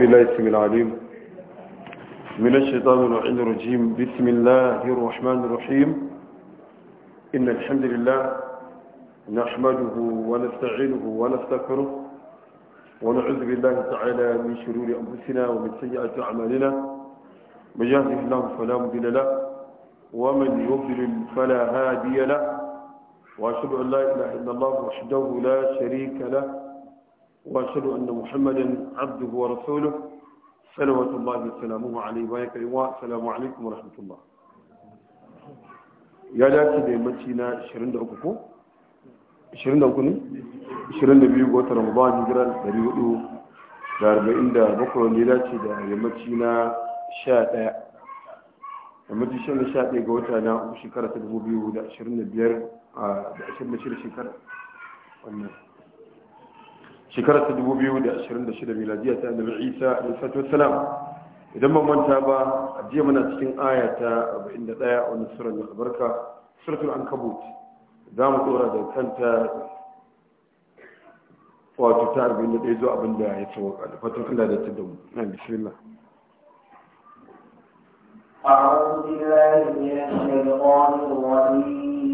بالله اسم العليم من الشيطان العين الرجيم بسم الله الرحمن الرحيم إن الحمد لله نحمده ونستعينه ونستغفره ونعوذ بالله تعالى من شرور أنفسنا ومن سيئات أعمالنا من يهده الله فلا مضل له ومن يضلل فلا هادي له وأشهد أن لا إله إلا الله وحده لا شريك له وأشهد أن محمدا عبده ورسوله صلوات الله وسلامه عليه وبارك السلام عليكم ورحمة الله يا لاتي da yammaci na 23 ko 23 ne 22 ga watan Ramadan hijira 447 ne dace da yammaci na 11 yammaci 11 ga wata na shekara ta 2025 a 26 shekara wannan شكرة الدبوبي ودى أشهرين دشيرة ميلادية النبي عيسى عليه الصلاة والسلام إذا ما من تابع أجي من أتكين آية بإن الآية ومن سورة المخبركة سورة العنكبوت دام الأورا دا كانت وتتعب إن الإيزو أبن دا يتوقع فاتوك الله دا تدوم نعم بسم الله أعوذ بالله من الشيطان الرجيم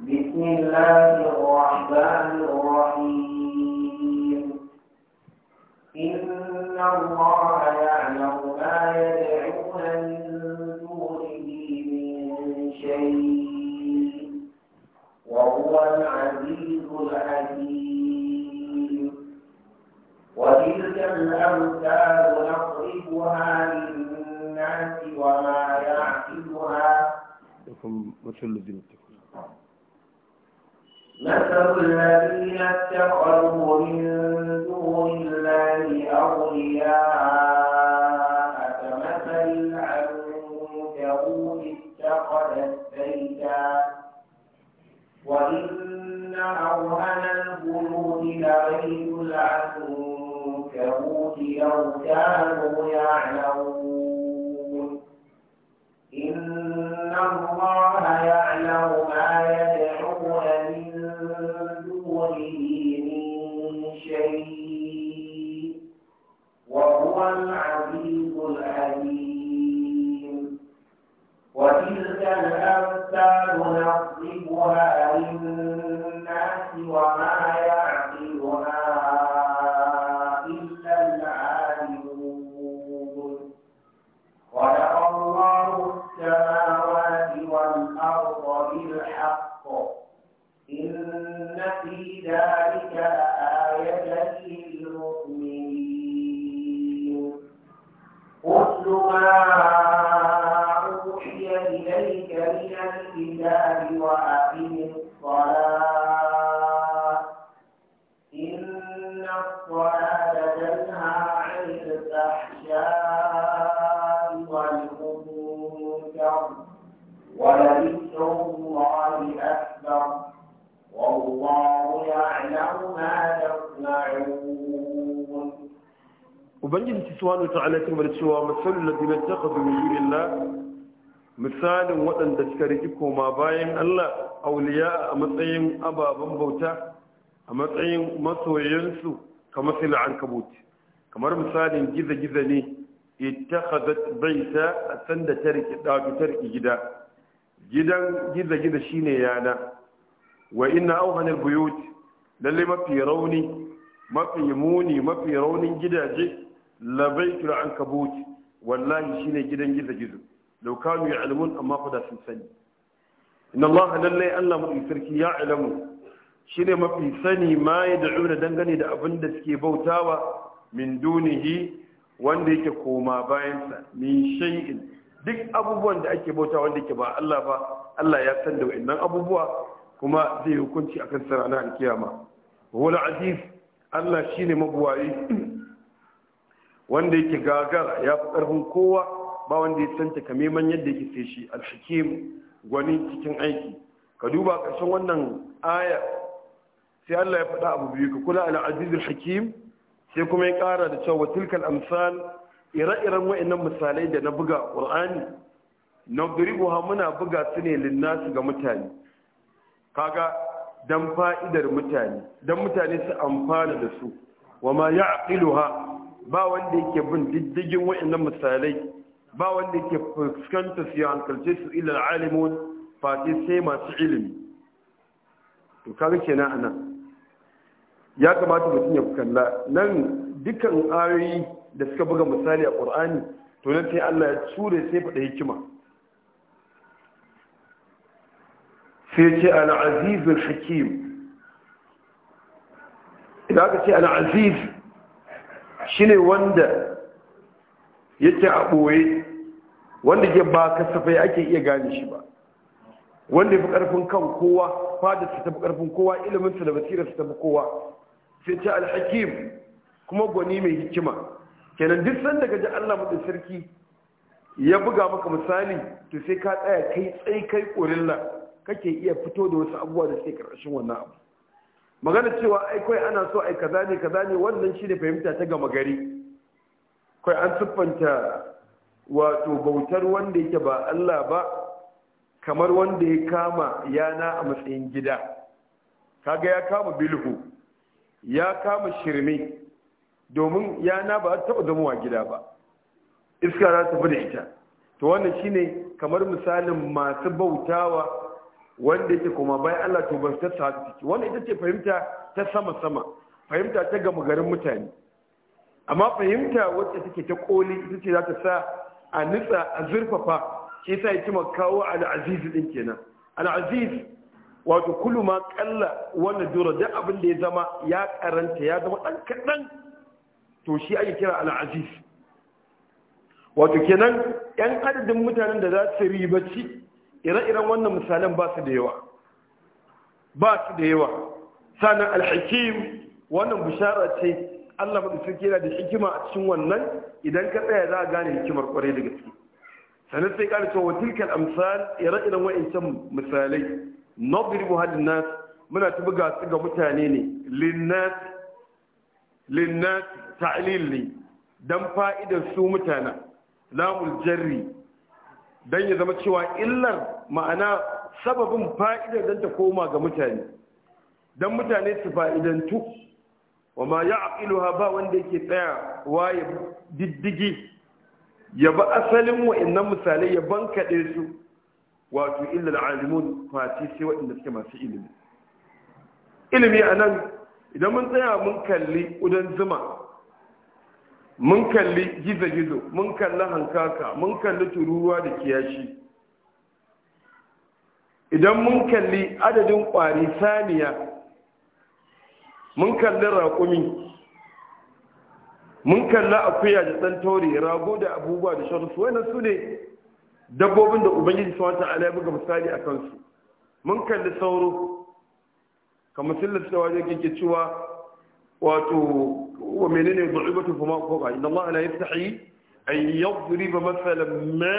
بسم الله الرحمن الرحيم إن الله يعلم ما يدعون من دونه من شيء وهو العزيز الحكيم وتلك الأمثال نقربها للناس وما يعقلها لكم مثل الذين اتقوا مثل الذين اتخذوا من دون الله أولياء subhanahu wa ta'ala masallin da cewa masalul ladina takhadhu min misalin waɗanda suka riki koma bayan Allah auliya a matsayin ababen bauta a matsayin masoyansu kamar sil ankabut kamar misalin giza-giza ne ittakhadat baita a sanda ta riki dadu ta riki gida gidan giza-giza shine yana wa ina auhanal buyut lalle mafi rauni mafi muni mafi raunin gidaje labaitul ankabut wallahi shine gidan gizo gizo law kanu ya'lamun amma fa sun sani inna allaha lallai allah mu sarki ya alamu ne mafi sani ma ya da'una dangane da abin da suke bautawa min dunihi wanda yake koma bayansa min shay'in duk abubuwan da ake bauta wanda yake ba Allah ba Allah ya san da wa'annan abubuwa kuma zai hukunci akan sarana alkiyama wal aziz Allah ne mabuwayi wanda yake gagar ya fi ƙarfin kowa ba wanda ya santa kameman yadda yake sai shi alhakim gwani cikin aiki ka duba ƙarshen wannan aya sai Allah ya faɗa abu biyu ka kula ala azizul hakim sai kuma ya ƙara da cewa tilkal amsal ire-iren wa'annan misalai da na buga ƙur'ani na duribuwa muna buga su ne linnasu ga mutane kaga don fa'idar mutane don mutane su amfana da su wa ma ya ba wanda yake bin diddigin wa'annan misalai ba wanda yake fuskanta su ya su ilal alimun fati sai masu ilimi to kaga kenan ana ya kamata mutum ya kalla nan dukkan ayoyi da suka buga misali a ƙur'ani to nan sai Allah ya ture sai faɗa hikima sai ce al hakim idan aka ce al Shi ne wanda yake a ɓoye wanda ke ba kasafai ake iya gane shi ba wanda ya fi ƙarfin kan kowa fada su tafi ƙarfin kowa ilimin su da basirar su tafi kowa sai ce alhakim kuma gwani mai hikima kenan duk sanda gaji allah mutu sarki ya buga maka misali to sai ka tsaya kai tsaye kai ƙorilla kake iya fito da wasu abubuwa da sai ƙarshen wannan abu magana cewa ai kai ana so ai kaza ne kaza ne wannan shine fahimta ta gama gari kai an tuffanta wato bautar wanda yake ba Allah ba kamar wanda ya kama yana a matsayin gida kaga ya kama bilhu ya kama shirme domin yana ba taɓa wa gida ba iska za ta fi da ita to wannan shine kamar misalin masu bautawa wanda yake kuma bai Allah to ban ta sadu ciki wannan ita ce fahimta ta sama sama fahimta ta gama garin mutane amma fahimta wacce take ta koli ita ce za ta sa a nitsa a zurfafa shi sa yake ma kawo al-aziz din kenan al-aziz wato kullu ma qalla wannan dura da abin da ya zama ya karanta ya zama dan kadan to shi ake kira al-aziz wato kenan yan adadin mutanen da za su ribaci ire-iren wannan misalan ba su da yawa ba su da yawa sanan alhakim wannan bishara ce Allah madaukakin yana da hikima a cikin wannan idan ka tsaya za a gane hikimar kwarai da gaske sannan sai ƙara cewa tilkal amsal ire-iren wa'ancan misalai nadribu hadin nas muna ta buga su ga mutane ne linnas linnas ta'lil dan fa'idar su mutana lamul jarri don ya zama cewa illar ma'ana sababin fa'idar don ta koma ga mutane don mutane su fa'idantu wa ma ya aqiluha ba wanda yake tsaya wa ya diddigi ya ba asalin wa'annan misalai ya bankaɗe su wato illar alimun fati sai waɗanda suke masu ilimi ilimi a nan idan mun tsaya mun kalli ƙudan zuma mun kalli gizo-gizo mun kalli hankaka mun kalli tururuwa da kiyashi idan mun kalli adadin kwari saniya mun kalli raƙumi mun kalli akuya da ɗan tauri rago da abubuwa da shansu wani su ne dabbobin da ubangiji suwata wata ala buga misali a kansu mun kalli sauro kamar sillar cewa yake cewa wato wa menene da'ibatu kuma ko ba inna Allah la yaftahi an yadriba mathalan ma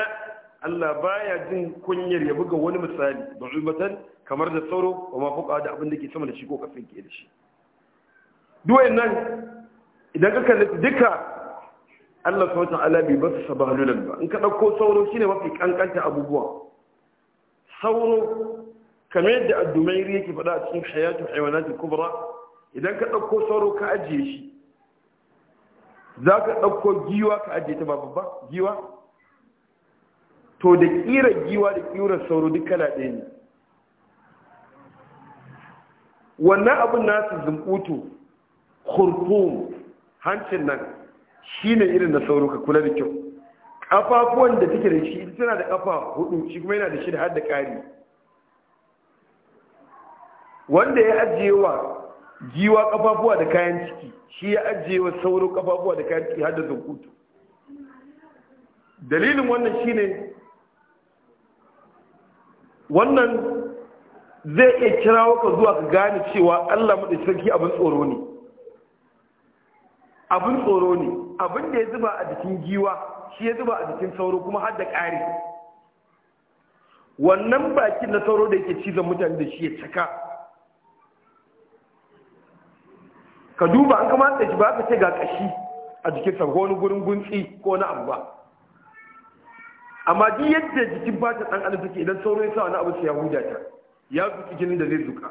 Allah baya jin kunyar ya buga wani misali da'ibatan kamar da tsaro wa mafuka da abin da ke sama da shi ko kafin ke da shi duwayen nan idan ka kalli duka Allah subhanahu ta'ala bai ba su sabahalulan ba in ka dauko sauro shine mafi kankanta abubuwa sauro kamar da addumairi yake faɗa a cikin hayatu kubra idan ka dauko sauro ka ajiye shi za ka ɗauko giwa ka ajiye ta ba babba giwa to da ƙira giwa da ƙira sauro duk kala ɗaya ne wannan abin nasu zumbutu hurfum hancin nan shi ne irin na sauro ka kula da kyau ƙafafuwan da take da shi ita tana da ƙafa hudu shi kuma yana da shi da har da ƙari wanda ya ajiye wa giwa kafafuwa da kayan ciki shi ya ajiye wa sauro kafafuwa da kayan ciki har da zankutu dalilin wannan shine wannan zai iya kira waka zuwa ka gane cewa Allah maɗa sarki abin tsoro ne abin tsoro ne abin da ya zuba a jikin giwa shi ya zuba a jikin sauro kuma har da ƙari wannan bakin na sauro da yake cizon mutane da shi ya caka ka duba an kama da shi ba ka ce ga kashi a jikin ko wani gurin guntsi ko wani abu ba amma duk yadda jikin fatan ta adam take idan sauro ya sa wani abu sai ya huda ta ya zuki jinin da zai zuka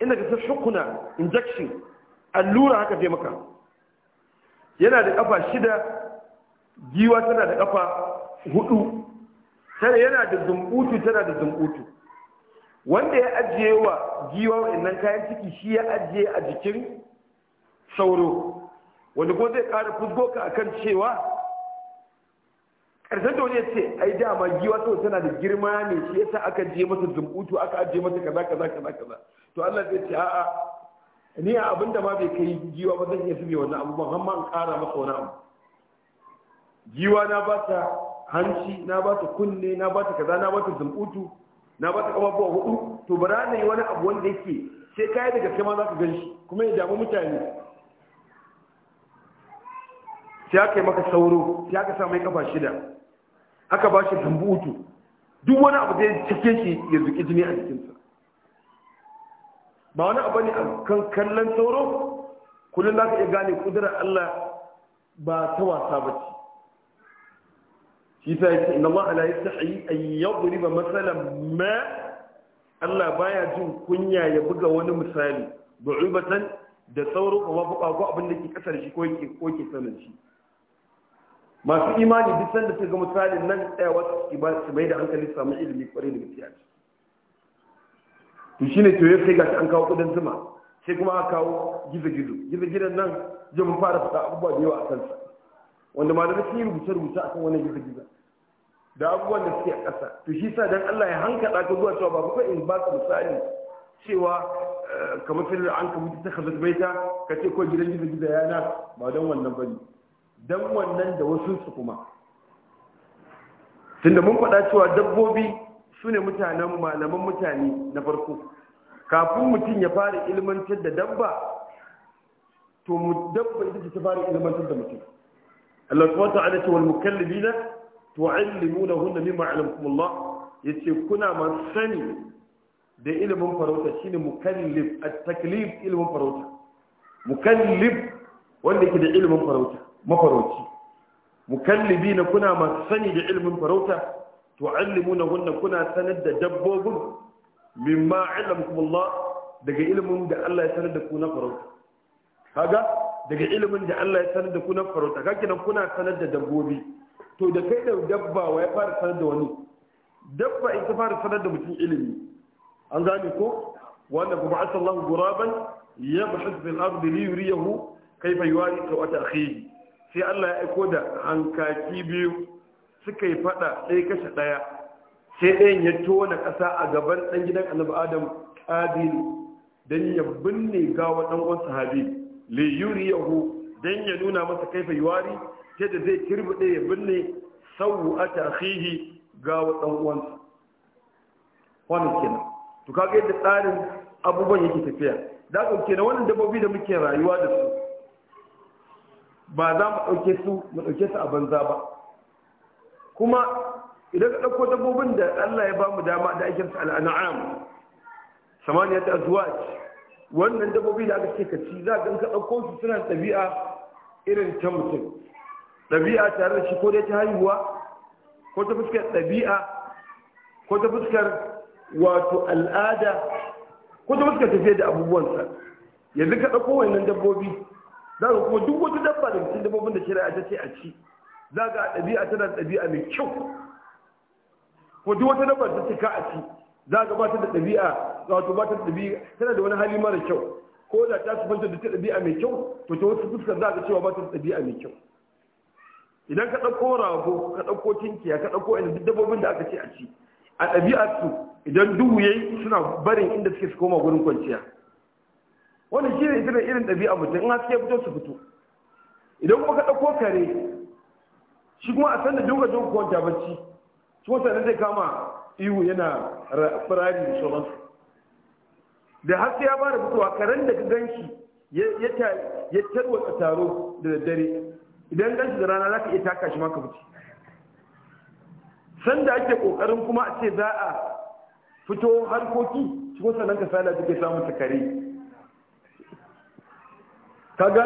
inda ka san shukuna injection allura haka zai maka yana da kafa shida giwa tana da kafa hudu tana yana da zumbutu tana da zumbutu wanda ya ajiye wa giwa wannan kayan ciki shi ya ajiye a jikin sauro wanda ko zai ƙara fusgo ka akan cewa ƙarshen da wani ce ai dama giwa to tana da girma ne shi yasa aka je masa zumbutu aka ajiye masa kaza kaza kaza kaza to Allah zai ce a'a ni a abin da ma bai kai giwa ba zan iya sube wani abu ba, amma an ƙara masa wani abu giwa na ba ta hanci na ba ta kunne na ba ta kaza na ba ta zumbutu na ba ta ƙafafuwa hudu to bara na yi wani abu wanda yake sai kai daga kai ma za ka gan shi kuma ya damu mutane sai aka yi maka sauro sai aka sa mai kafa shida aka ba shi tambutu duk wani abu da ya cike shi ya zuki jini a jikinsa ba wani abu ne a kan kallon sauro kullum za ka iya gane kudurar Allah ba ta wasa ba ce shi sa yake inna a yi yastahi guri ba masalan ma Allah baya jin kunya ya buga wani misali bu'ibatan da sauro kuma ba ko abin da ke kasar shi ko yake ko ke sanin shi masu imani duk sanda suka ga misalin nan wasu su bai da hankali samu ilimi kwarai da gaskiya to shine to yau sai gashi an kawo kudin zuma sai kuma aka kawo gizo-gizo gizo gizo nan zai mun fara fita abubuwa da yawa a kansa wanda malamai sun yi rubuce-rubuce akan wannan gizo-gizo da abubuwan da suke a ƙasa to shi sa dan Allah ya hankala ka zuwa cewa ba ku in ba ka misali cewa eh, kamar sai an kamar ta kaza baita ka ce ko gidan gizo-gizo ya na ba don wannan bane don wannan da wasu su kuma tunda mun faɗa cewa dabbobi su ne mutanen malaman mutane na farko kafin mutum ya fara ilmantar da dabba to mu dabba ita ce ta fara ilmantar da mutum Allah subhanahu wa ta'ala ce wal mukallibina tu'allimunahunna mimma 'allamakumullah yace kuna ma sani da ilimin farauta ne mukallif at-taklif ilimin farauta mukallif wanda ke da ilimin farauta mafarauci mukallibi na kuna masu sani da ilimin farauta to na wannan kuna sanar da dabbobin mimma ilmukum Allah daga ilimin da Allah ya sanar da ku na farauta kaga daga ilimin da Allah ya sanar da ku na farauta kake nan kuna sanar da dabbobi to da kai da dabba wa ya fara sanar da wani dabba ita fara sanar da mutum ilimi an gane ko wanda kuma asallahu guraban yabhith fil ardi li yuriyahu kayfa yuwari sawata akhihi sai Allah ya aiko da hankaki biyu suka yi fada ɗaya kashe ɗaya sai ɗayan ya tona ƙasa a gaban ɗan gidan annabi adam qabil dan ya binne gawa ɗan uwan sahabi li yuriyahu dan ya nuna masa kaifa yuwari yadda zai kirbuɗe ya binne sauwa a tarihi gawa ɗan uwansa wannan kenan to kaga yadda tsarin abubuwan yake tafiya da haka kenan wannan dabbobi da muke rayuwa da su ba za mu ɗauke su mu ɗauke su a banza ba kuma idan ka ɗauko dabbobin da Allah ya ba mu dama da ake su al'an'am samaniya ta wannan dabbobi da aka ce ka ci za ka ɗauko su suna ɗabi'a irin ta mutum ɗabi'a tare da shi ko dai ta haihuwa ko ta fuskar ɗabi'a ko ta fuskar wato al'ada ko ta fuskar tafiya da abubuwansa yanzu ka ɗauko wannan dabbobi za kuma duk wata dabba da mutum dabbobin da shari'a ta ce a ci za a ɗabi'a tana ɗabi'a mai kyau ko duk wata dabba ta ce ka a ci za ka ba ta da ɗabi'a wato ba ta da ɗabi'a tana da wani hali mara kyau ko da ta sufanta da ta ɗabi'a mai kyau to ta wasu fuskar za ka cewa ba ta da ɗabi'a mai kyau idan ka ɗauko rago ka ɗauko tinkiya ka ɗauko inda duk dabbobin da aka ce a ci a ɗabi'a su idan duhu yayi suna barin inda suke su koma gurin kwanciya Wani shi ne ita da irin ɗabi'a mutum in haske fito su fito idan kuma ka ɗauko kare shi kuma a san da duka duka kowace bacci shi kuma sannan zai kama ihu yana firari da sauransu da haske ya fara fitowa karen da ka gan shi ya a taro da daddare idan gan shi da rana za ka iya taka shi maka fice sanda ake kokarin kuma a ce za a fito harkoki shi kuma sannan ka da suke samun ta kare kaga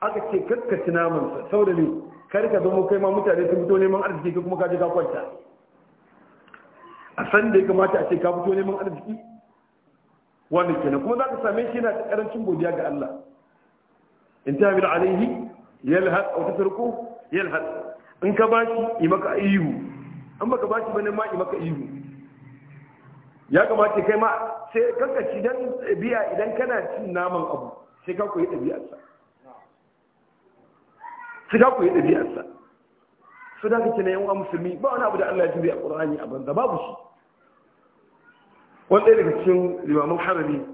aka ce kakkaci namansa saboda ne ka zama kai ma mutane sun fito neman arziki kuma ka je ka kwanta a san da ya kamata a ce ka fito neman arziki wani kenan kuma za ka same shi yana karancin godiya ga Allah in ta bi alaihi yalhad aw tasruku yalhad in ka bashi yi maka ayyuhu. an baka bashi bane ma yi maka ayyuhu. ya kamata kai ma sai kanka ci dan biya idan kana cin naman abu sai ka yi ɗabi'arsa sai ka koyi ɗabi'arsa su da kake na yawan musulmi ba wani abu da Allah ya a ƙorani a banza babu shi wanda daga cikin limamin harami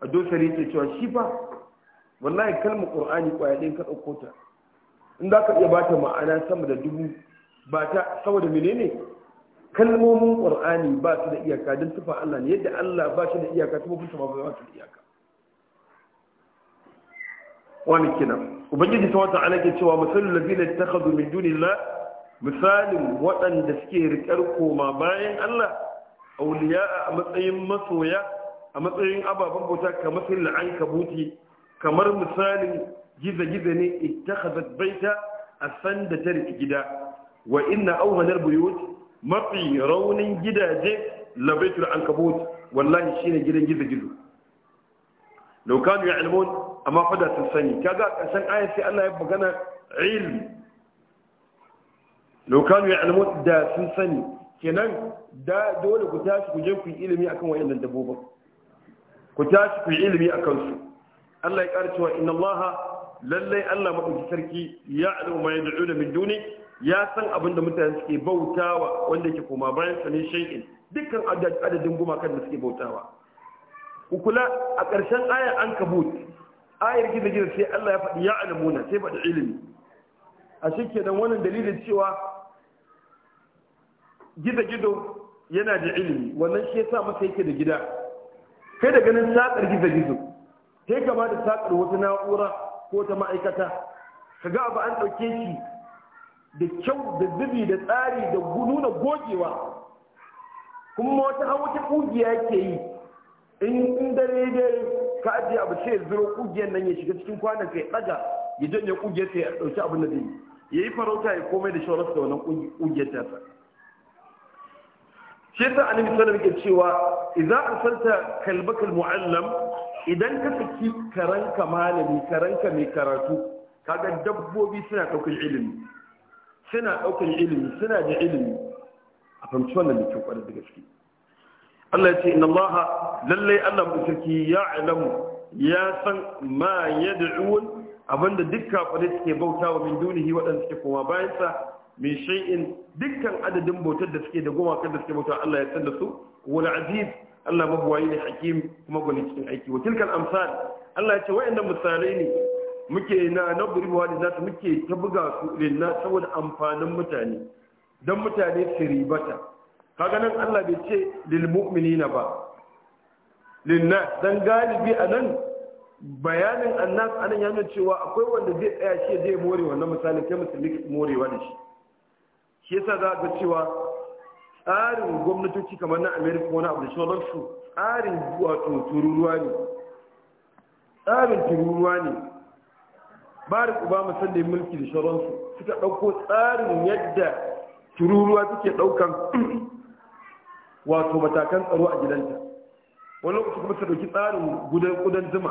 a dosari yake cewa shi fa wallahi kalmar ƙorani kwaya ɗin ka ɗauko ta in za ka iya bata ma'ana sama da dubu ba ta saboda menene kalmomin ƙur'ani ba su da iyaka don tufa Allah ne yadda Allah ba shi da iyaka tufa kusa ba ba su da iyaka wani kenan ubangiji ta wata ala ke cewa misalin labina ta takhadu min dunillah misalin waɗanda suke riƙar koma bayan Allah auliya a matsayin masoya a matsayin ababen bauta kamar sun la'an kabuti kamar misalin giza-giza ne ittakhazat baita a san da ta riƙi gida wa ina auhanar buyut mafi raunin gidaje labaitul ankabut wallahi shine gidan gizo-gizo law ilmo amma fada sun sani kaga ƙarshen ayar sai Allah ya magana ilm lokanu ya alamu da sun sani kenan da dole ku tashi ku je ku yi ilimi akan wayannan dabbobin ku tashi ku yi ilimi akan su Allah ya ƙara cewa inna Allah lallai Allah madauki sarki ya alamu ma yad'una min duni ya san abin da mutane suke bautawa wanda yake koma bayan sa ne dukkan adadin gumakan da suke bautawa ku kula a ƙarshen aya an kabut ayar gizo gizo sai Allah ya faɗi ya alamuna sai faɗi ilimi a shi nan wannan dalilin cewa gizo gizo yana da ilimi wannan shi yasa masa yake da gida kai da ganin saƙar gizo gizo sai kama da saƙar wata na'ura ko ta ma'aikata Ka ga abu an ɗauke shi da kyau da zubi da tsari da nuna gogewa kuma wata hawa ta ƙungiya ke yi in dare dare ka ajiye abu sai ya zuro kugiyar nan ya shiga cikin kwanan sai ya ɗaga ya janye kugiyar sai ya ɗauki abin da zai ya yi farauta ya komai da shawararsa da wannan kugiyar tasa shi yasa annabi sallallahu alaihi wasallam cewa idza arsalta kalbaka almuallam idan ka saki karanka malami karanka mai karatu kaga dabbobi suna daukar ilimi suna daukar ilimi suna da ilimi a fahimci wannan da kyau kwarai da gaske Allah ya ce inna Allah lallai Allah mutsaki ya alamu ya san ma yad'un abinda duk ke suke wa min dunihi waɗanda suke koma bayansa min shay'in dukkan adadin bautar da suke da gumakan da suke bauta Allah ya san da su wani aziz Allah mabuwayi ne hakim kuma gwani cikin aiki wa tilkal amsal Allah ya ce wayannan misalai ne muke na nadribu wa linnat muke ta buga su linnat saboda amfanin mutane dan mutane su ribata kaga nan Allah bai ce lil mu'minina ba lin nas dan galibi anan bayanin annas anan ya nuna cewa akwai wanda zai tsaya shi zai more wannan misali kai musulmi morewa da shi shi yasa za ga cewa tsarin gwamnatoci kamar na america wani abu da su tsarin wato tururuwa ne tsarin tururuwa ne ku obama sanda yi mulki da su suka ɗauko tsarin yadda tururuwa suke ɗaukan wato matakan tsaro a gidanta wani lokaci kuma ta dauki tsarin gudan zuma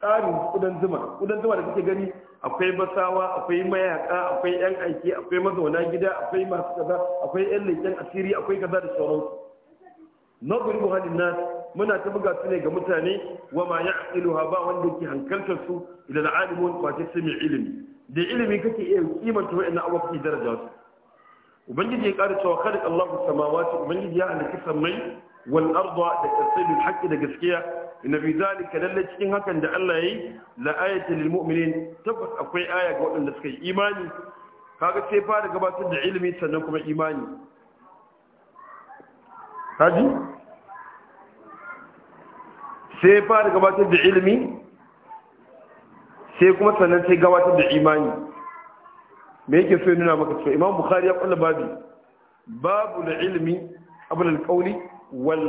tsarin kudan zuma kudan zuma da kake gani akwai basawa akwai mayaka akwai yan aiki akwai mazauna gida akwai masu kaza akwai yan leken asiri akwai kaza da Na nadribu muhallin nas muna ta buga su ne ga mutane wa ma ha ba wanda yake hankaltar su idan alimun fa ta sami ilimi da ilimi kake iya kimanta wa'annan abubuwa kake daraja su ubangiji ya ƙara cewa kada Allahu samawati ubangiji ya halitta samai wal arda da kasai bil haqqi da gaskiya inna fi zalika lalla cikin hakan da Allah yayi la ayatu lil mu'minin tabbas akwai aya ga waɗanda suka yi imani kaga sai fara gabatar da ilimi sannan kuma imani haji sai fara gabatar da ilimi sai kuma sannan sai gabatar da imani me yake so nuna maka cewa imam bukhari ya kulla babu da ilmi abul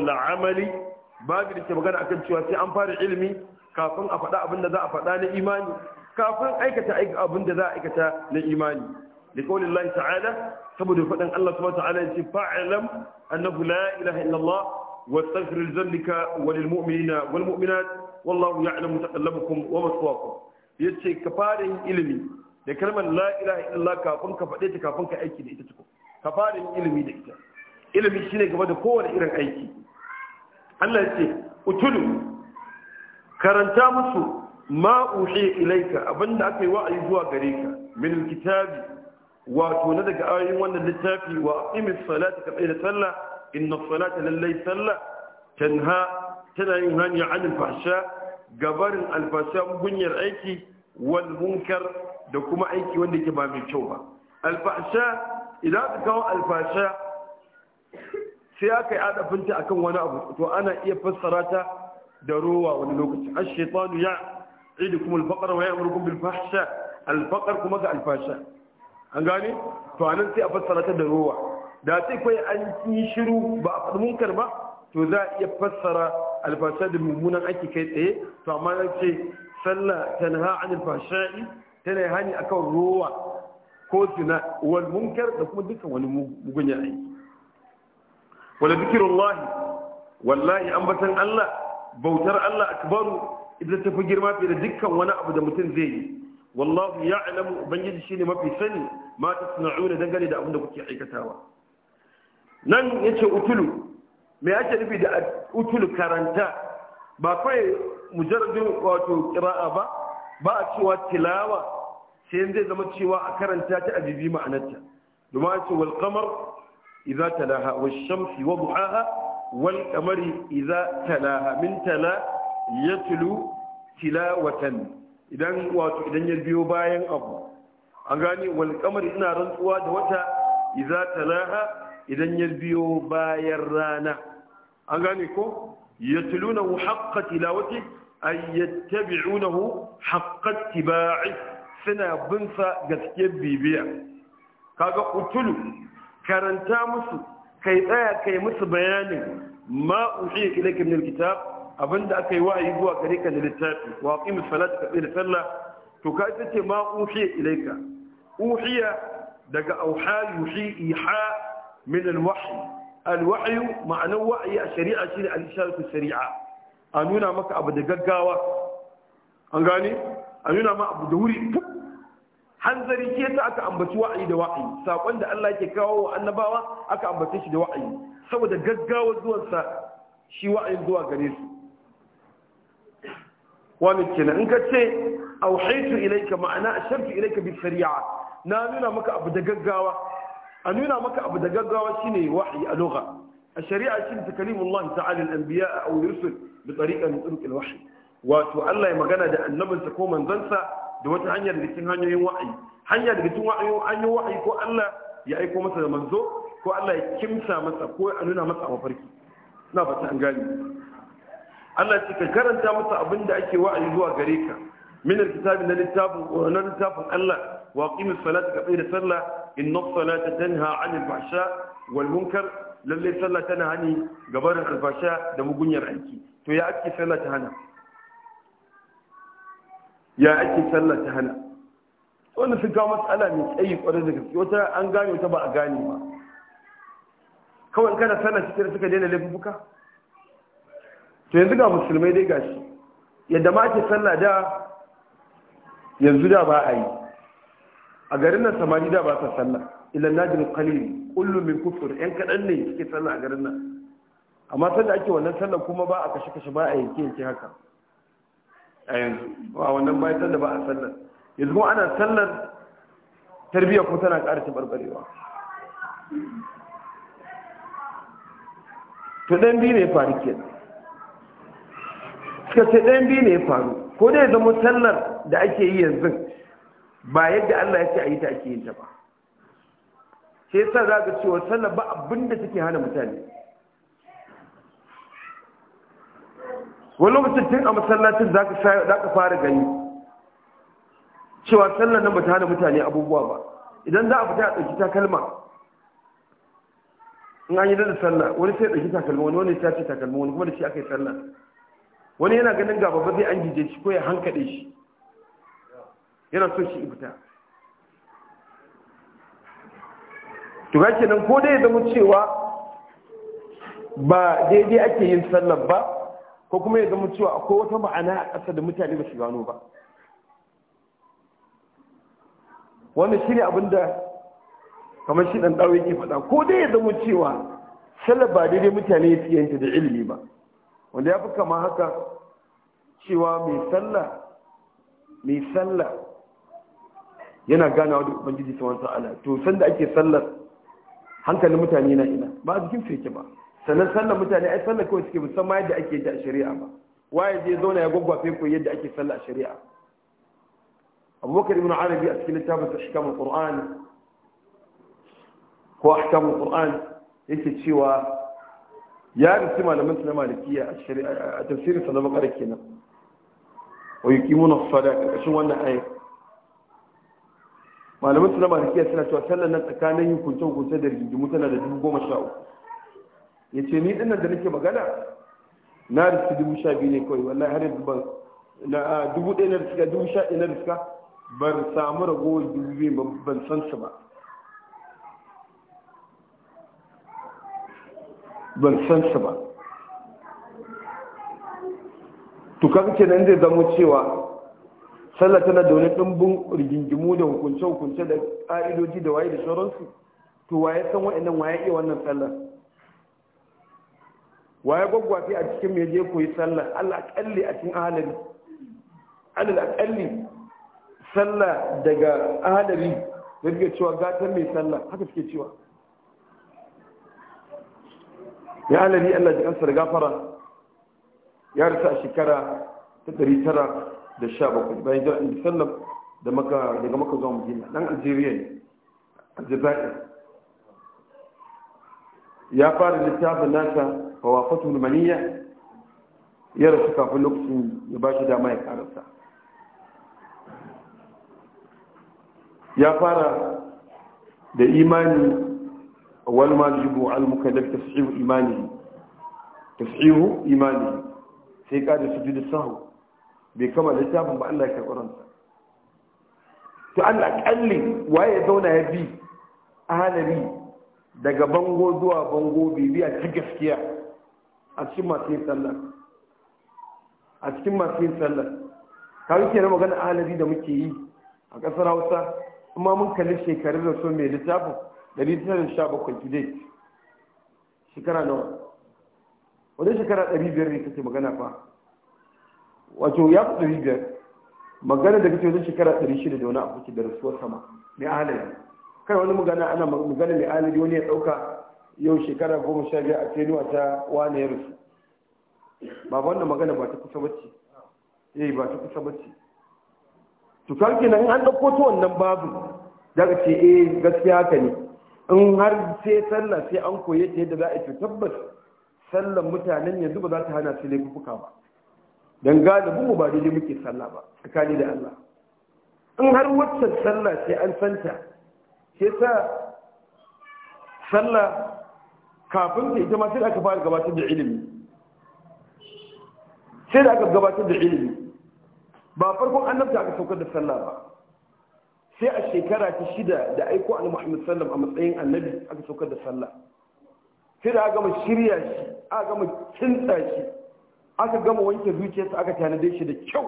amali babu da ke magana akan cewa sai an fara ilimi kafin a faɗa abin da za a faɗa na imani kafin aikata abin da za a aikata na imani da kawalin Allah ta'ala saboda faɗin Allah ta ta'ala ya ce fa'alam annahu la ilaha illallah wa astaghfiru li wa lil mu'minina wal mu'minat wallahu ya'lamu wa yace ka fara yin ilimi da kalmar la ilaha kafin ka faɗe ta kafin ka aiki da ita tuku ka fara yin ilimi da ita ilimi shine gaba da kowane irin aiki Allah ya ce utulu karanta musu ma uhi ilaika abinda aka yi wa'ayi zuwa gare ka min alkitabi wato na daga ayoyin wannan littafi wa aqimis salata ka da sallah inna salata lallai sallah tanha tana yin hanya anil fahsha gabarin alfasha gunyar aiki wal munkar da kuma aiki wanda ke ba mai kyau ba alfasha idan aka kawo alfasha sai aka yi adafinta kan wani abu to ana iya fassara ta da rowa wani lokaci ash-shaytanu ya idukum kuma faqra wa ya'murukum bil fahsha al-faqr kuma ga al-fasha an gane to a nan sai a fassara ta da rowa da sai kai an yi shiru ba a faɗi munkar ba to za a iya fassara al da mummunan ake kai tsaye to amma ce sallah tanha anil fahsha'i tana hani akan rowa ko zina wal munkar da kuma dukkan wani mugun aiki wala zikirullahi wallahi ambatan Allah bautar Allah akbaru idan ta fi girma fiye da dukkan wani abu da mutum zai yi wallahu ya'lamu ubangiji shine mafi sani ma tasna'una dangane da abin da kuke aikatawa nan yace utulu me ake nufi da utulu karanta ba kai mujarradin wato qira'a ba ba a cewa tilawa sai zai zama cewa a karanta ta abibi ma'anarta domin an ce wal qamar idza talaha wash shamsi wa duhaha wal qamari idza talaha min tala yatlu tilawatan idan wato idan ya biyo bayan abu an gani wal qamar ina rantsuwa da wata iza talaha idan ya biyo bayan rana an gani ko ya yatlunahu haqqa tilawati ay yattabi'unahu haqqa ittiba'i suna binsa sa gaskiyar bibiya kaga utulu karanta musu kai tsaya kai musu bayanin ma uhiya ilayka min alkitab abinda aka yi wa'ayi zuwa gare ka da littafi wa aqim salata ka tsaya sallah to ka tace ce ma uhiya ilayka uhiya daga auha yuhi iha min alwahyi alwahyu ma'ana wa'i a shari'a shine al-isharatu shari'a a nuna maka abu da gaggawa an gane a nuna ma abu da wuri hanzari ke ta aka ambaci wa'ayi da wa'ayi sakon da Allah ke kawo wa annabawa aka ambace shi da wa'ayi saboda gaggawa zuwansa shi wa'ayin zuwa gare su wani kenan in ka ce auhaitu ilaika ma'ana ashartu ilaika bi sari'a na nuna maka abu da gaggawa a nuna maka abu da gaggawa shine wa'ayi a lugha a shari'a shi takalimullah ta'ala al-anbiya aw rusul bi tariqan min turuq al-wahyi wato Allah ya magana da annabinsa ko manzansa da wata hanya daga cikin hanyoyin wa'ayi hanya daga cikin hanyoyin wa'ayi ko Allah ya aiko masa da manzo ko Allah ya kimsa masa ko ya nuna masa a mafarki Suna fata an gane Allah ce ka karanta masa abin da ake wa'ayi zuwa gare ka min alkitabi na littafin na littafin Allah wa qimis salata ka da sallah inna salata tanha 'anil fahsha wal munkar lalle sallah tana hani gabarin alfasha da mugunyar aiki to ya ake sallah ta hana ya ake sallah ta hana wanda sun kawo matsala mai tsayi kwarar da gaske wata an gane wata ba a gane ba kawai kana sallah cikin da suka daina laifuka to yanzu ga musulmai dai gashi yadda ma ake sallah da yanzu da ba a yi a garin nan samari da ba ta sallah ilan najin kalil kullum min kufur yan kadan ne suke sallah a garin nan amma sallah ake wannan sallah kuma ba a kashe kashe ba a yanke yanke haka a yanzu ba wannan bai da ba a sallar yanzu kuma ana sallar tarbiyyar ko tana ƙara barbarewa to ɗan biyu ne ya faru ke suka ce ɗan biyu ne ya faru ko dai zama sallar da ake yi yanzu ba yadda Allah ya ce a yi ta ake yin ta ba sai sa za ka cewa sallar ba abinda take hana mutane wani lokacin tun a masallacin za ka fara gani cewa sallar nan ba ta hana mutane abubuwa ba idan za a fita a ɗauki takalma in an yi da sallar wani sai ɗauki takalma wani wani ta ce takalma wani kuma da shi aka yi sallar wani yana ganin gaba ba zai an gije shi ko ya hankaɗe shi yana so shi fita to ga kenan ko dai ya zama cewa ba daidai ake yin sallar ba ko kuma ya zama cewa akwai wata ma'ana a ƙasa da mutane ba su gano ba wannan shi ne abin da kamar shi ɗan ɗawo yake faɗa ko dai ya zama cewa sallar ba daidai mutane ya fiye da ilimi ba wanda ya fi kama haka cewa mai sallah mai sallah yana ganawa da ubangiji sauran ala to sanda ake sallar hankalin mutane na ina ba a jikin feke ba sannan sallar mutane ai sallar kawai suke musamman yadda ake ta a shari'a ba waye zai zauna ya gwaggwafe ku yadda ake sallar a shari'a abubakar ibn arabi a cikin littafin sa shikamun qur'an ko ahkamul qur'an yake cewa ya rubuta malamin na malikiya a shari'a a tafsirin sa na bakara kenan wa yuqimuna as-salata karkashin wannan ayat malamin su na malikiya suna cewa sallar nan tsakanin hukunce hukunce da rigingimu tana da dubu goma sha uku ya ce ni dinnan da nake magana na riski dubu sha biyu ne kawai wallahi har yanzu ban na dubu ɗaya na riska dubu sha ɗaya na riska ban samu ragowar dubu biyu ban san su ba ban san su ba to kaga kenan zai zamo cewa sallah tana da wani ɗumbin rigingimu da hukunce-hukunce da ƙa'idoji da waye da sauransu to waye san wa'annan waye iya wannan sallah waye gwaggwafi a cikin mai je koyi sallah Allah kalli a cikin ahalari Allah kalli sallah daga ahalari da suke cewa gatan mai sallah haka suke cewa ya ahalari Allah ji kansa da gafara ya rasa a shekara ta ɗari tara da sha bakwai, bayan jira inda sallar da maka daga maka zuwa mujina dan Algeria ne Algeria ya fara littafin nasa fawafatu lumaniya ya rasu kafin lokacin ya ba shi dama ya karasa ya fara da imani wal majibu al-mukallaf tas'ihu imani tas'ihu imani sai ka da sujudu sahu bai kama littafin ba Allah ya sa. to Allah kalli waye ya zauna ya bi a daga bango zuwa bango bibiya ta gaskiya a cikin masu yin sallah kawai ke na magana ahalari da muke yi a ƙasar hausa amma mun kalli shekarun da so mai littafin da littafin sha bakwai today shekara nawa wani shekara ɗari biyar ne kake magana fa wato ya fi ɗari biyar magana da kake wajen shekara ɗari shida da wani abu ke da rasuwar sama mai ahalari kai wani magana ana magana mai ahalari wani ya ɗauka yau shekara goma sha biyar a tenuwa ta wane ya rufu ba wannan magana ba ta kusa bacci eh ba ta kusa bacci to kanki nan an ɗauko ta wannan babu daga ce eh gaskiya haka ne in har sai sallah sai an koye ta yadda za a yi tabbas sallan mutanen yanzu ba za ta hana su laifuka ba dan galibin mu ba daidai muke sallah ba tsakani da Allah in har waccan sallah sai an santa sai sa sallah kafin ta ita ma sai da aka fara gabatar da ilimi sai da aka gabatar da ilimi ba farkon annabta aka saukar da sallah ba sai a shekara ta shida da aiko annabi Muhammad sallam a matsayin annabi aka saukar da sallah sai da aka gama shirya shi aka gama kinta shi aka gama wanke zuciyarsa aka tanade shi da kyau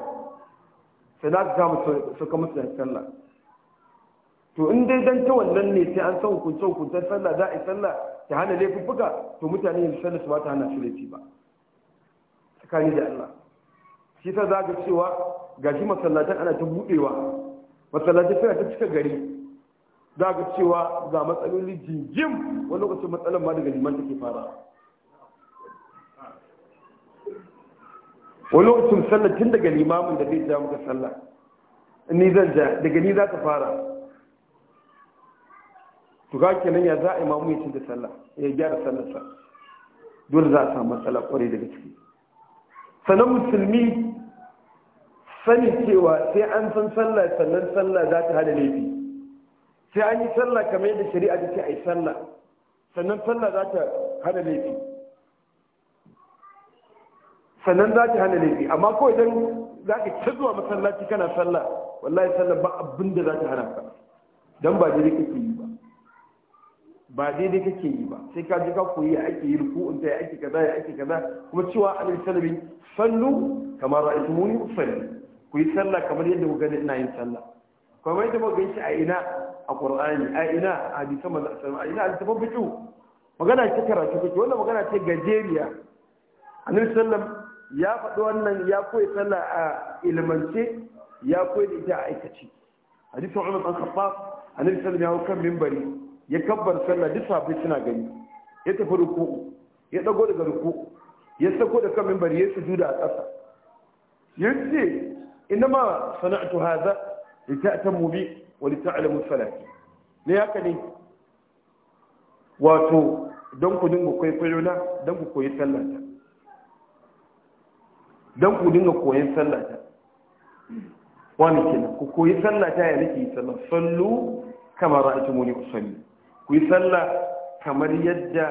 sai da aka gama sauka musu da sallah to in dai dan ta wannan ne sai an san hukunce hukuncen sallah za a yi sallah ta hana laifuffuka to mutane yanzu sallar su ba ta hana su laifi ba tsakani da Allah shi ta zaga cewa gashi masallatan ana ta budewa masallatan suna ta cika gari zaga cewa ga matsaloli jinjim wani lokacin matsalan ma daga liman take fara wani lokacin sallar tun daga limamin da zai ja maka sallah ni zan ja daga ni za ta fara to ga kenan ya za a imamu ya ci da sallah ya gyara sallarsa dole za a samu matsala kwarai daga ciki sannan musulmi sani cewa sai an san sallah sannan sallah za ta hada laifi sai an yi sallah kamar yadda shari'a ta ce a yi sallah sannan sallah za ta hada laifi sannan za ta hada laifi amma ko idan za ka ta zuwa masallaci kana sallah wallahi sallah ba abin da za ta hana ka don ba jiri kake yi ba daidai kake yi ba sai ka ji ka koyi ya ake yi in ta ya ake kaza ya ake kaza kuma cewa annabi sallallahu sallu kamar ra'aytumuni usalli ku yi sallah kamar yadda ku gani ina yin sallah kuma da muka ganshi a ina a qur'ani a ina a hadisan manzo sallallahu a ina a tafan magana ce karatu kake wannan magana ce gajeriya annabi sallam ya faɗi wannan ya koyi sallah a ilmance ya koyi da ita a aikace hadisin umar bin khattab annabi sallam ya hau kan minbari ya kabbar sallah duk safi suna gani ya tafi ruku ya dago daga ruku ya sako da kan mimbar ya sujuda a ƙasa ya ce ina ma sana'atu haza da ta ta mubi wani ta'alamu salati ne haka ne wato don ku dinga kwaikwayo na don ku koyi sallata don ku dinga sallah ta wani kenan ku koyi sallata ya nake sallah sallu kamar ra'ayi muni usalli ku yi sallah kamar yadda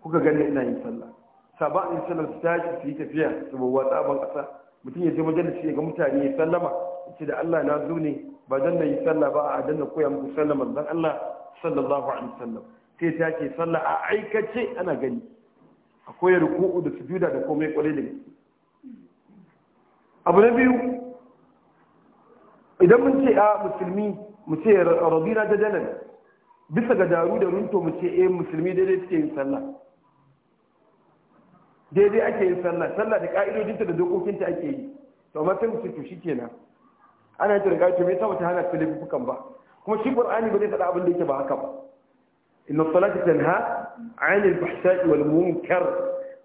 kuka gani ina yin sallah saba in sallah su tashi su yi tafiya su bawa tsaban ƙasa mutum ya je majalisi ya ga mutane ya sallama ce da Allah na zo ne ba dan na yi sallah ba a dan da koya muku sallah manzon Allah sallallahu alaihi wasallam sai ta ce sallah a aikace ana gani akwai ruku'u da sujuda da komai kwarai da gaske abu na biyu idan mun ce a musulmi mu ce rabina da dalal bisa ga daru da runto mu ce eh musulmi daidai suke yin sallah daidai ake yin sallah sallah da ka'idojinta da dokokinta ake yi to amma sai mu ce to kenan, ana yin da ka'idojin me yasa hana su laifukan ba kuma shi qur'ani ba faɗa abin da yake ba haka ba inna salata tanha 'anil fuhsha'i wal munkar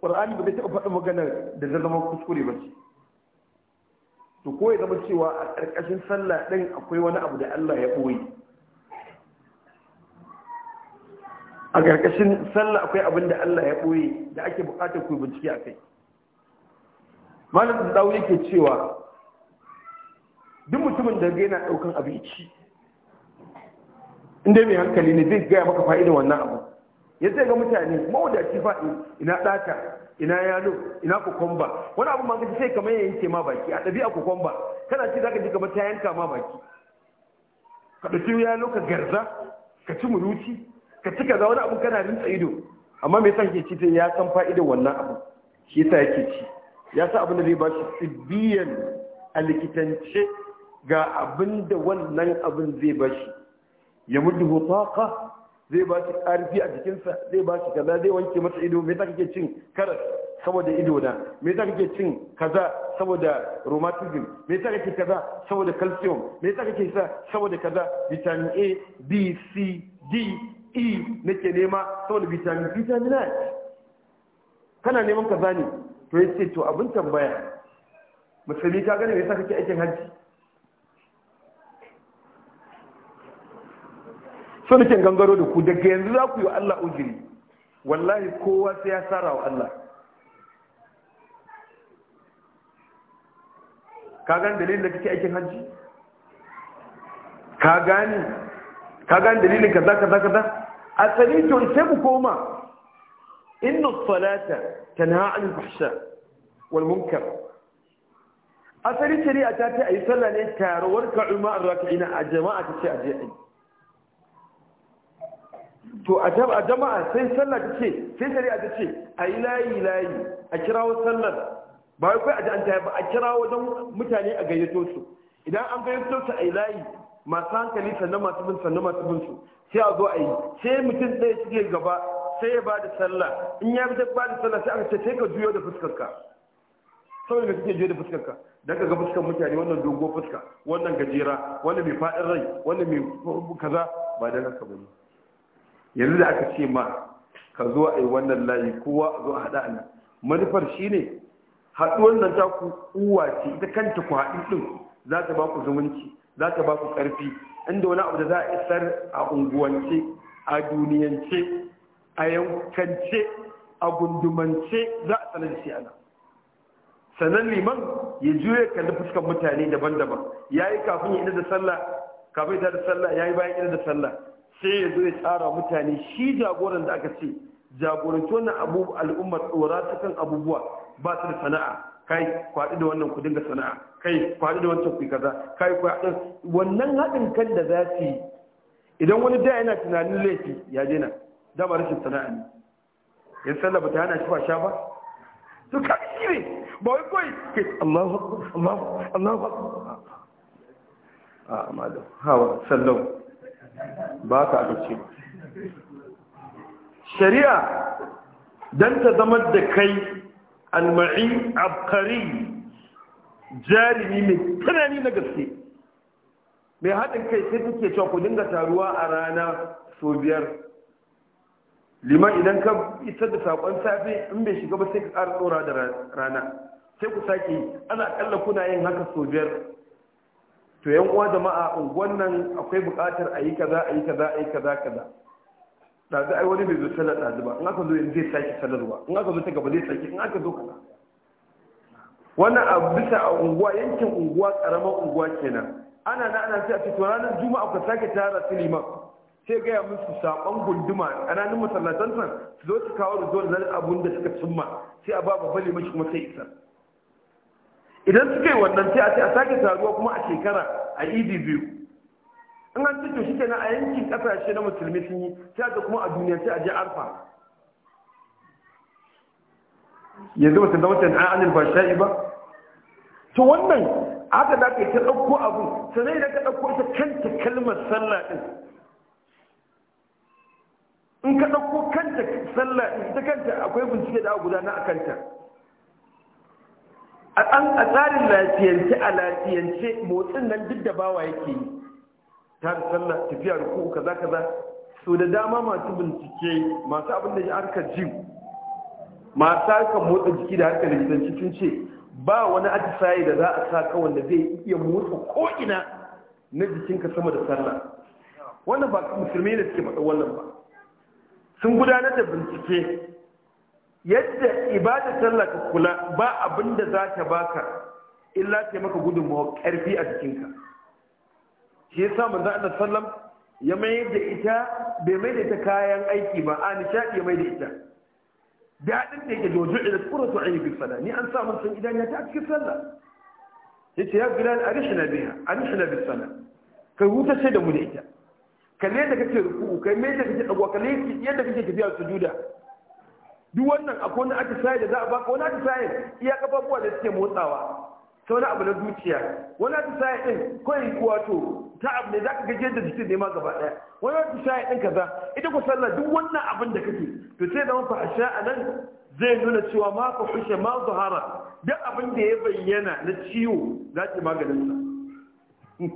qur'ani ba zai taɓa faɗa maganar da zai zama kuskure ba ce to ko ya zama cewa a ƙarƙashin sallah ɗin akwai wani abu da Allah ya ɓoye a ƙarƙashin sallah akwai abin da Allah ya ɓoye da ake buƙatar ku bincike a kai malam dawo yake cewa duk mutumin da ga yana ɗaukan abinci inda mai hankali ne zai gaya maka faida wannan abu ya zai ga mutane mawadaci faɗi ina ɗata ina yalo ina kukumba. wani abu ma sai kamar ya yanke ma baki a ɗabi'a kokomba kana ce zaka ji kamar ta yanka ma baki ka ɗauki yalo ka garza ka ci muruci ka cika ga wani abu kana rinsa ido amma mai son ke ci ta ya san fa'idar wannan abu shi yasa yake ci ya sa abin da zai ba shi tsibbiyan a ga abin da wannan abin zai ba shi ya mudu hutaka zai ba shi ƙarfi a jikinsa zai ba shi kaza zai wanke masa ido mai ta kake cin karas saboda ido na me yasa kake cin kaza saboda rheumatism me yasa kake kaza saboda calcium me yasa kake sa saboda kaza vitamin A B C D e nake nema saboda vitamin vitamin a kana neman ka ne to ya ce to abin tambaya musulmi ka gane me yasa ke aikin hajji so nake gangaro da ku daga yanzu za ku yi Allah ujiri wallahi kowa sai ya sara wa Allah ka gane dalilin da kake aikin hajji ka gane ka gane dalilin kaza kaza kaza asali to sai mu koma inna salata tanha anil fahsha wal munkar asali shari'a ta ce ayi sallah ne taro tare warka umar raki'ina a jama'a ta ce a je to a jama'a sai sallah ta ce sai shari'a ta ce ayi layi layi a kirawo sallar ba kai a ji an ta ba a kirawo don mutane a gayyato su idan an gayyato su ayi layi masu hankali sannan masu bin sannan masu bin su sai a zo a yi sai mutum ɗaya shige gaba sai ya ba da sallah in ya bi ba da sallah sai aka ce sai ka juyo da fuskarka saboda ka suke juyo da fuskarka dan ka ga fuskar mutane wannan dogo fuska wannan gajera wannan mai faɗin rai wannan mai kaza ba dan haka bane yanzu da aka ce ma ka zo a yi wannan layi kowa a zo a haɗa a nan manufar shine haɗuwar nan ta ku uwa ce ita kanta ku haɗu ɗin za ta ba ku zumunci za ta ba ku ƙarfi inda wani abu da za a isar a unguwance a duniyance a yankance a gundumance za a sanar da shi ana sannan liman ya juya kalli fuskan mutane daban-daban ya yi kafin ya da sallah kafin ya da sallah ya yi bayan ina da sallah sai ya zo ya tsara mutane shi jagoran da aka ce jagoranci wannan al'ummar tsora ta kan abubuwa ba su da sana'a kai haɗu da wannan ku dinga sana'a kai haɗu da wancan ku kaza kai kwaɗi wannan haɗin kan da za su yi idan wani da yana tunanin laifi ya daina da ba rashin sana'a ne ya sallah ba ta hana shi ba sha ba to ka ne ba wai kawai kai Allahu akbar Allahu Allahu akbar a malam hawa sallau ba ka abinci ba shari'a don ta zama da kai almari abkari jarumi mai tunani na gaske mai haɗin kai sai take cewa ku dinga taruwa a rana sau biyar liman idan ka isar da saƙon safe in bai shiga ba sai ka ƙara tsora da rana sai ku sake ana ƙalla kuna yin haka sau biyar to yan uwa jama'a unguwan nan akwai buƙatar a yi kaza a yi kaza a yi kaza kaza daga ai wani bai zo sallar ɗazu ba in aka zo yanzu zai sake sallarwa in aka zo ta gaba zai sake in aka zo kana wannan a bisa a unguwa yankin unguwa karamar unguwa kenan ana na ana sai a fito ranar juma'a ka sake tara su liman sai gaya musu saƙon gunduma ƙananan masallatan san su zo su kawo rizuwar zan abun da suka cimma sai a ba bali mashi kuma sai isa idan suka yi wannan sai a ce a sake taruwa kuma a shekara a idi biyu in an ce shi kenan a yankin kasashe na musulmi sun yi sai ta kuma a duniya sai a je arfa yanzu ba su zama can anil ba sha'i ba to wannan aka za ka yi ta ɗauko abu sanai da ka ɗauko ita kanta kalmar sallah ɗin in ka ɗauko kanta sallah ɗin ita kanta akwai bincike da gudana a kanta a tsarin lafiyance a lafiyance motsin nan duk da bawa yake yi ta sallah tafiya ruku kaza kaza so da dama masu bincike masu abin da ya harkar jin masu harkar motsa jiki da harkar likitanci sun ce ba wani atisaye da za a sa kawai da zai iya motsa ko'ina na jikinka sama da sallah wannan ba musulmi ne suke faɗa wannan ba sun gudanar da bincike yadda ibada sallah ka kula ba abin da za ta baka illa maka gudunmawa karfi a jikinka shi yasa manzo Allah sallam ya mai da ita bai mai da ita kayan aiki ba a nishadi ya mai da ita daɗin da yake jojo ila qurratu ayni bil sala ni an sa mun san idan ya ta cikin sallah yace ya bilal arishna biha arishna bil sala kai huta sai da mu da ita ne da kake ruku, kai mai da kake dagwa kalle yadda kake tafiya sujuda duk wannan akwai wani atisaye da za a baka wani atisaye iya kafafuwa da suke motsawa ta wani abu na zuciya wani atisaye ɗin kawai wato ta abu ne za ka gaje da jikin nema gaba ɗaya wani atisaye ɗin kaza ita ku sallah duk wannan abin da kake to sai zama fahasha a nan zai nuna cewa ma ka kushe ma zuhara duk abin da ya bayyana na ciwo za ki maganinsa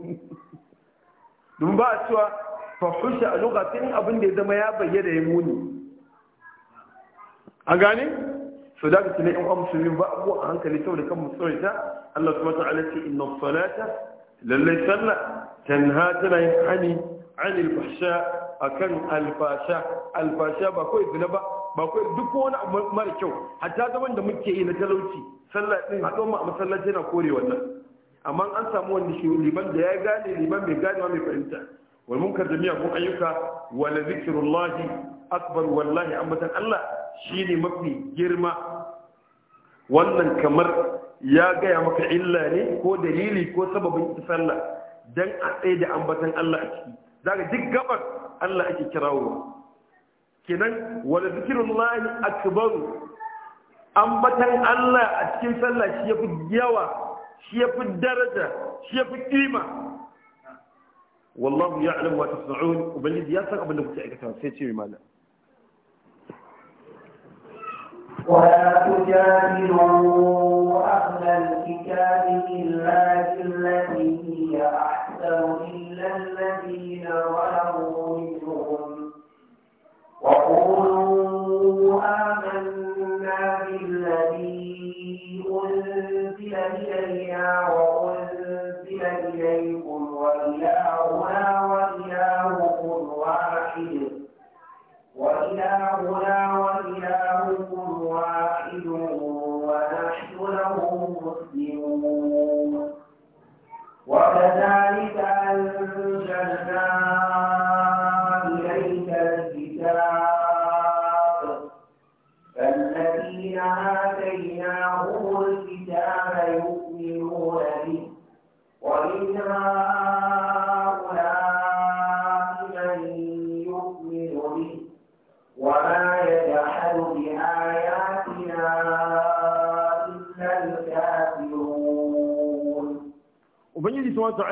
dun ba a cewa fahusha a lokacin abin da ya zama ya bayyana ya muni a gane so da kace ne in an musulmi ba abu a hankali saboda kan mu ta Allah subhanahu wa ta'ala ce inna salata lallai sallah tanha tana yin hani an al-fahsha akan al ba kawai zina ba ba kawai duk wani abu mara kyau hatta zaman da muke yi na talauci sallah din haɗo mu a masallaci yana kore wannan amma an samu wani shi liban da ya gane liban mai gane mai fahimta wal munkar da miyagun ayyuka wa zikrullahi akbar wallahi ambatan Allah shine mafi girma wannan kamar ya gaya maka illa ne ko dalili ko sababin ita sallah dan a tsaye da ambatan Allah a ciki zaka duk gabar Allah ake kirawo kenan wala zikrullahi akbar ambatan Allah a cikin sallah shi yafi yawa shi yafi daraja shi yafi kima wallahu ya'lamu wa tasma'un ubangiji ya san abin da kuke aikata sai ce mai malam ولا تجادلوا أهل الكتاب إلا بالتي هي أحسن إلا الذين ظلموا منهم وقولوا آمنا بالذي أنزل إلينا وأنزل إليكم وإلهنا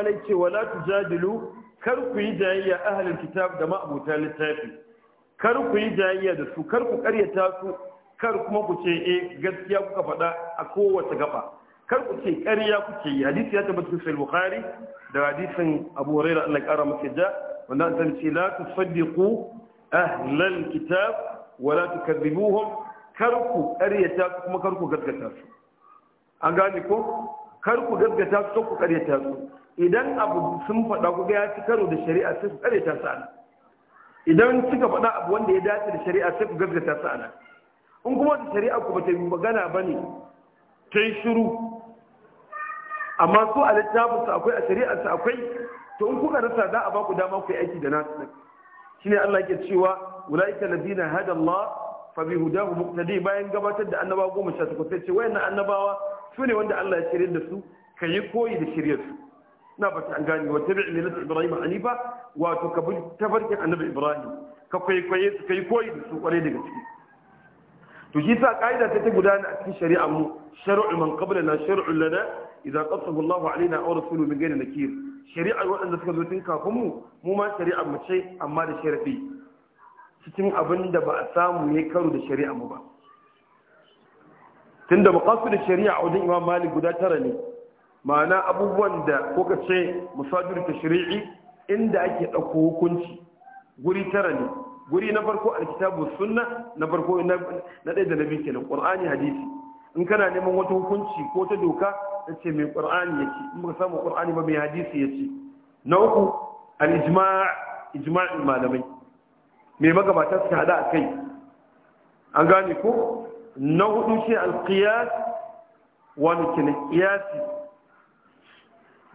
ta'ala yace wala tujadilu kar ku yi jayayya ahlul kitab da ma'abuta littafi kar ku yi jayayya da su kar ku karyata su kar kuma ku ce eh gaskiya kuka faɗa a kowace gaba kar ku ce ƙarya kuke yi hadisi ya tabbata cikin bukhari da hadisin abu huraira Allah ya kara masa ja wanda an tantance la tusaddiqu ahlal kitab wa la tukadhibuhum kar ku karyata su kuma kar ku gaskata su an gane ko kar ku gaskata su ku karyata su idan abu sun faɗa ku ya ci karo da shari'a sai ku kare ta sa'ana idan suka faɗa abu wanda ya dace da shari'a sai ku gaggata sa'ana in kuma da shari'a ku bata yi magana ba ne ta yi shiru amma su a littafinsa akwai a shari'arsa akwai to in kuka rasa za a ba ku dama ku yi aiki da nasu shine Allah ke cewa ulaika ladina hada Allah fa hudahu muqtadi bayan gabatar da annabawa goma sha takwas sai ce wayannan annabawa su ne wanda Allah ya shirye da su ka yi koyi da shiryarsu. na ba an gane wa tabi'i millata ibrahim hanifa wato ka bi tafarkin annabi ibrahim ka kwaikwaye su kai koyi da su kware daga ciki to shi sa kaida ta ta gudana a cikin shari'a mu shar'u man qablana shar'u lana idza qasahu Allahu alaina aw rasuluhu min ghayri nakir Shari'a waɗanda suka zo tun kafin mu mu ma shari'a mu ce amma da sharafi cikin abin da ba a samu ya karo da shari'a mu ba tunda maqasid shari'a a wajen Imam Malik guda tara ne ma'ana abubuwan da kuka ce musajir ta shiri'i inda ake ɗauko hukunci guri tara ne guri na farko alkitabu sunna na farko na ɗaya da na biyu kenan ƙur'ani hadisi in kana neman wata hukunci ko ta doka ta ce mai ƙur'ani ya ce in ba samu ƙur'ani ba mai hadisi ya ce na uku al'ijma'in malamai mai magabata su haɗa a kai an gane ko na hudu ce alƙiyar wani kenan ƙiyasi.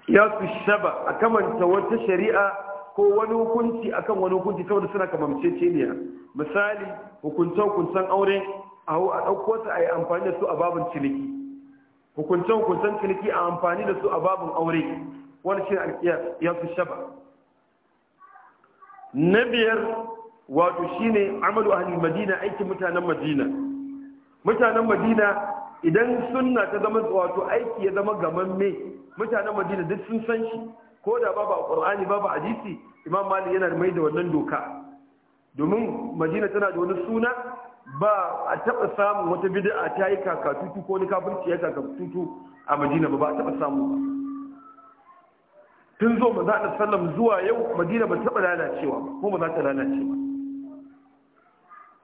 fi shaba a kamanta wata shari'a ko wani hukunci a kan wani hukunci saboda suna kamanceceniya misali hukunce hukuncen aure a ɗauko su a yi amfani da su a babin ciniki hukunce hukuncen ciniki a amfani da su a babin aure wani shi fi shaba na biyar wato shi ne amalu ahli madina aikin mutanen madina mutanen madina idan sunna ta zama wato aiki ya zama me mutanen madina duk sun san shi ko da babu alqur'ani babu hadisi imam malik yana mai da wannan doka domin madina tana da wani suna ba a taɓa samun wata bid'a ta yi tutu ko wani kafirci ya tutu a madina ba ba a taɓa samu ba tun zo za a sallam zuwa yau madina ba taɓa lalacewa ba ko ba za ta lalace ba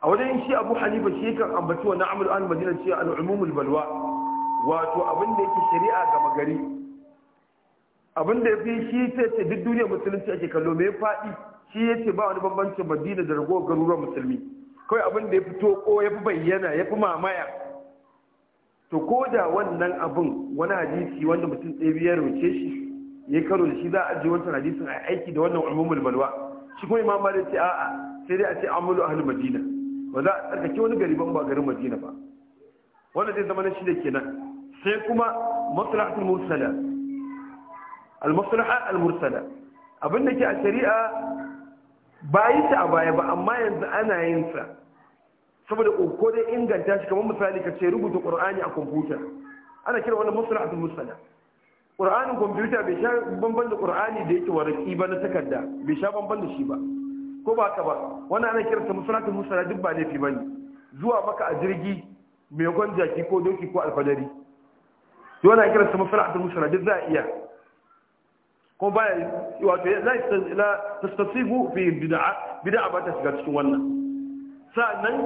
a wajen shi abu hanifa shi kan ambaci wa amalu an madina ce al'umumul balwa wato abin da yake shari'a ga magari abin da yafi shi ta ce duk duniyar musulunci ake kallo mai fadi shi ya ce ba wani bambancin madina da ragowar garuruwan musulmi kawai abin da ya fito ko ya fi bayyana ya fi mamaya to ko da wannan abin wani hadisi wanda mutum ɗaya biyar wuce shi ya karo da shi za a je wancan hadisin a aiki da wannan umumul balwa shi kuma imam malik ce a'a sai dai a ce amalu ahlul madina ba za a tsarkake wani gari ban ba garin madina ba wanda zai zama na shi ke kenan sai kuma maslahatul mursala al-maslaha al-mursala abin da ke a shari'a ba yi ta a baya ba amma yanzu ana yin sa saboda ko dai inganta shi kamar misali ka ce rubuta qur'ani a kwamfuta ana kira wannan maslahatul mursala qur'anin kwamfuta bai sha bambam da qur'ani da yake waraki ba na takarda bai sha bamban da shi ba ko ba ka ba wannan ana kiranta musalatul musala duk ba laifi bane zuwa maka a jirgi mai gwan ko doki ko alfajari to wannan kiranta musalatul musala duk za a iya ko ba wato la tastasifu fi bid'a bid'a ba ta shiga cikin wannan sa'annan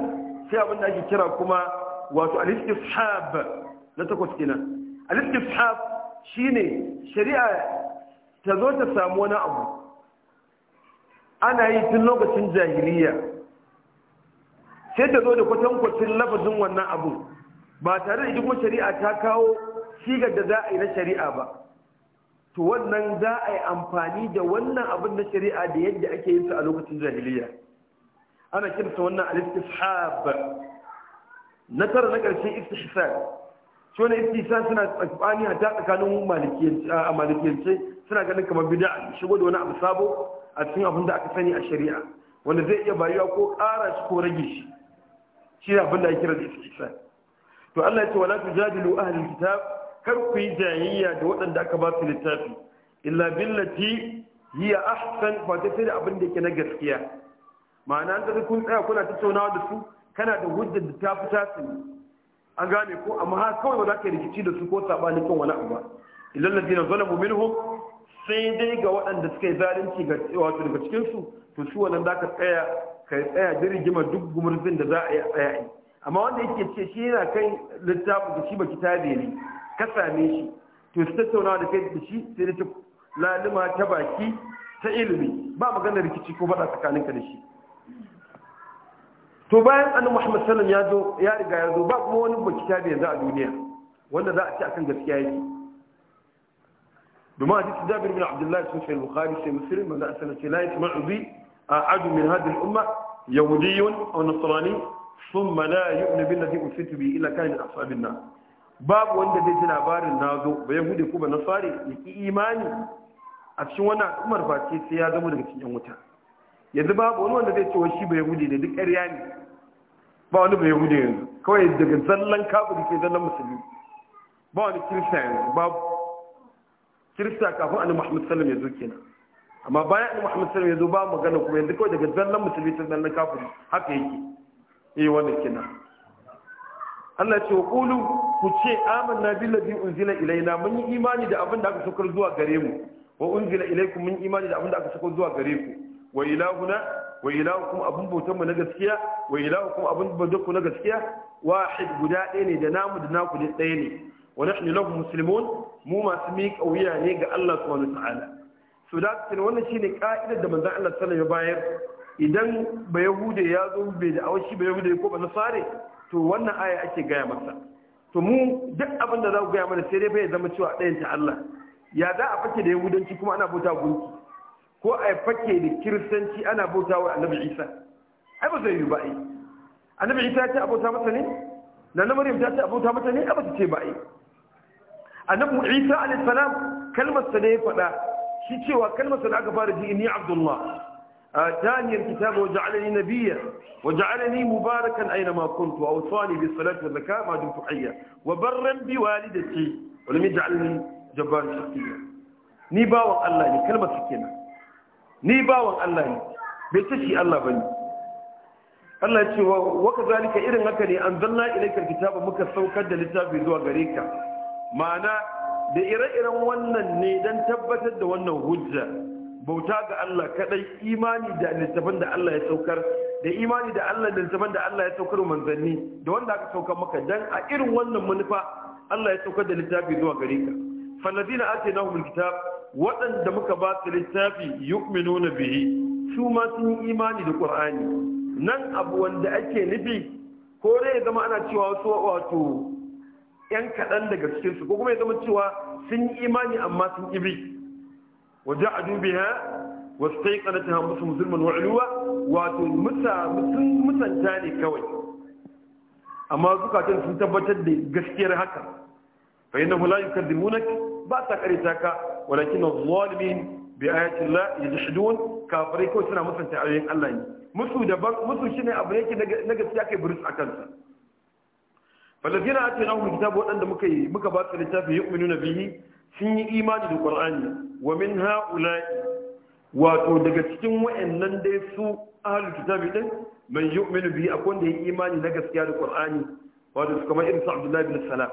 sai abin da ake kira kuma wato al-istishab na takwas kenan al-istishab shine shari'a ta zo ta samu wani abu ana yi tun lokacin jahiliya sai ta zo da kwatankwacin lafazin wannan abu ba tare da ita shari'a ta kawo shigar da za a yi na shari'a ba to wannan za a yi amfani da wannan abin na shari'a da yadda ake yin su a lokacin jahiliya ana kirsa wannan al-istishab na tara na ƙarshen istihsan shi wani istihsan suna tsakani ta tsakanin malikiyance suna ganin kamar bid'a shigo da wani abu sabo a cikin abin da aka sani a shari'a wanda zai iya bayuwa ko ƙara shi ko rage shi shi ne abin da ake kira da to Allah ya ce wala tujadilu ahlul kitab kar ku yi jayayya da waɗanda aka ba su littafi illa billati hiya ahsan fa ta sai da abin da yake na gaskiya ma'ana an tafi kun tsaya kuna tattaunawa da su kana da hujjar da ta fi tasu an gane ko amma ha kawai ba za ka rikici da su ko ni kan wani abu ba illal ladina zalamu minhum sai dai ga waɗanda suka yi zalunci ga wato daga cikinsu to shi wannan za ka tsaya ka tsaya rigima duk gumurzin da za a yi tsaya yi amma wanda yake ce shi yana kai littafin da shi baki tabe ne ka same shi to su tattauna da kai da shi sai da ta lalima ta baki ta ilimi ba maganar rikici ko faɗa tsakaninka da shi to bayan annabi Muhammad sallallahu alaihi ya zo ya riga ya zo ba kuma wani baki yanzu a duniya wanda za a ci akan gaskiya yake domin a jikin jabir bin abdullahi sun shi bukhari sai muslim manzo a sanace la yasma'u bi a'adu min hadhihi al-umma yahudiyyun aw nasrani thumma la yu'minu bil ladhi illa kana min ashabin nar babu wanda zai ji labarin nazo ba yahudi ko ba nasari ya ki imani a cikin wannan al'ummar face sai ya zama daga cikin wuta yanzu babu wani wanda zai shi ba duk ne ba wani ba yahudi yanzu kawai daga zallan kafiri ke zallan musulmi ba wani kirista yanzu kirista kafin annabi Muhammad sallallahu alaihi wasallam ya zo kenan amma bayan annabi Muhammad sallallahu alaihi wasallam ya zo ba magana kuma yanzu kawai daga zallan musulmi ta zallan kafiri haka yake eh wannan kenan Allah ce wa qulu ku ce amanna billazi unzila ilaina mun yi imani da abin da aka saukar zuwa gare mu wa unzila ilaikum mun yi imani da abin da aka saukar zuwa gare ku wa ilahuna wa ilahukum abun bautan mu na gaskiya wa ilahukum abun bautan ku na gaskiya wahid guda ɗaya ne da namu da naku ɗaya ne wa nahnu lahu mu masu miƙa wuya ne ga Allah subhanahu wa ta'ala so da cikin ka'idar da manzon Allah sallallahu alaihi wasallam bayar idan ba yahude ya zo bai da awashi ba yahude ko ba nasare to wannan aya ake gaya masa to mu duk da za ku gaya mana sai dai ba ya zama cewa ɗayan ta Allah ya za a fake da yahudanci kuma ana bauta gunki ko a fake da kiristanci ana bauta wa annabi ai ba yi ce abota ne na ta ce abota ne ai ba ce annabi Isa alayhi salam kalmar sa ne ya faɗa shi cewa kalmar sa da aka fara ji inni Abdullah الكتاب وجعلني نبيا وجعلني مباركا أينما كنت وأوصاني بالصلاة والزكاة ما دمت حيا وبرا بوالدتي ولم يجعلني جبار شخصيا نيبا باوان الله ني كلمة سكينة نيبا باوان الله ني بيتشي الله بني الله يقول وكذلك إذن هكذا أنزلنا إليك الكتاب مكسوكا للتابع ذو غريكا ma'ana da ire-iren wannan ne don tabbatar da wannan hujja bauta ga Allah kaɗai, imani da littafin da Allah ya saukar da imani da Allah da littafin da Allah ya saukar manzanni da wanda aka saukar maka dan a irin wannan manufa Allah ya saukar da littafi zuwa gare ka na atainahumul kitab waɗanda muka ba su littafi yu'minuna bihi su ma sun yi imani da qur'ani nan abu wanda ake nufi ko dai zama ana cewa wasu wato yan kaɗan daga su ko kuma ya zama cewa sun yi imani amma sun ibi waje a dubiya wasu ta yi ƙanata hamusu musulman wa'aluwa wato sun musanta ne kawai amma zukatan sun tabbatar da gaskiyar haka fa yana hula yi kardimunak ba ta karita ka walakin zalimin bi ayatin la yajhadun kafirai kawai suna musanta ayoyin Allah ne musu daban musu shine abu ne na gaskiya kai burus a sa falazina a tana mu kitabu waɗanda muka yi muka ba su littafi ya uminu na bihi sun yi imani da ƙwar'ani wa min ha'ula'i wato daga cikin wa'annan dai su ahalu kitabi ɗin man yi uminu bihi akwai wanda ya yi imani na gaskiya da ƙwar'ani wato su kamar irin su abdullahi bin salam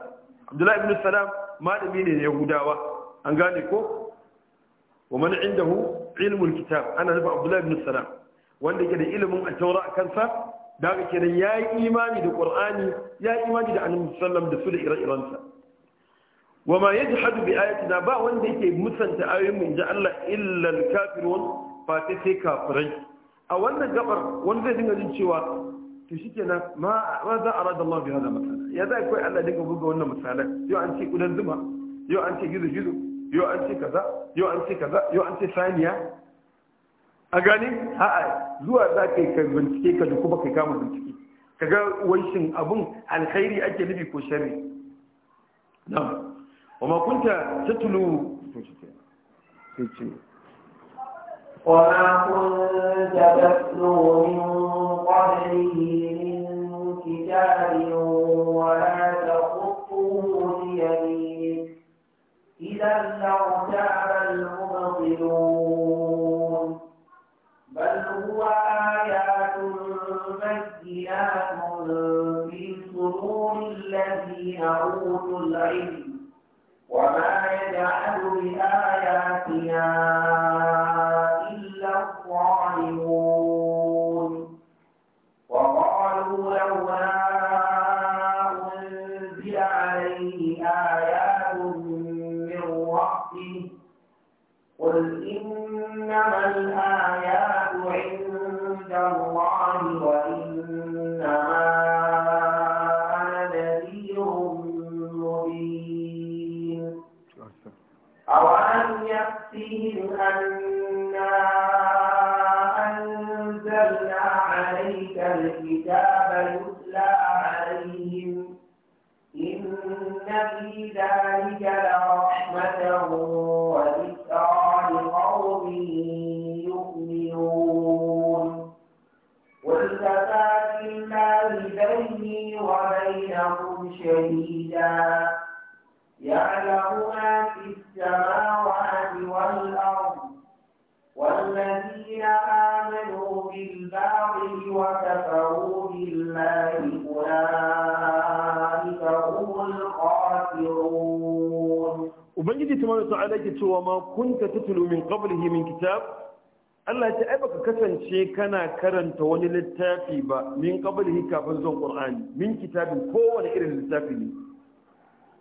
abdullahi bin salam malami ne yahudawa an gane ko wa man indahu ilmul kitab ana nufin abdullahi bin salam wanda yake da ilimin a taura a kansa da haka kenan ya yi imani da ƙur'ani ya yi imani da annabi sallam da su da ire-irensa wa ma yajhadu bi ayatina ba wanda yake musanta ayoyin mu ji Allah illa al-kafirun fa ta sai kafirai a wannan gabar wanda zai dinga jin cewa to shikenan ma ma za arada Allah bi hada masala ya za kai Allah dinga buga wannan misalan yau an ce kudan zuma yau an ce gizo gizo yau an ce kaza yau an ce kaza yau an ce saniya a gani a'a zuwa za ka yi ka bincike ka kuma ka kama bincike ka ga wanshin abin alkhairi ake nufi ko sharri na wama kunta tatulu to shi ke sai ce وما كنت تتلو المبطلون سياق في صدور الذين أوتوا العلم وما يجعل بآياتنا شديدا يعلم ما في السماوات والأرض والذين آمنوا بالباطل وكفروا بالله أولئك هم الخاسرون وبنجد تمام تعالى وما كنت تتلو من قبله من كتاب Allah ce ai baka kasance kana karanta wani littafi ba min qablihi kafin zuwan Qur'ani min kitabin kowane irin littafi ne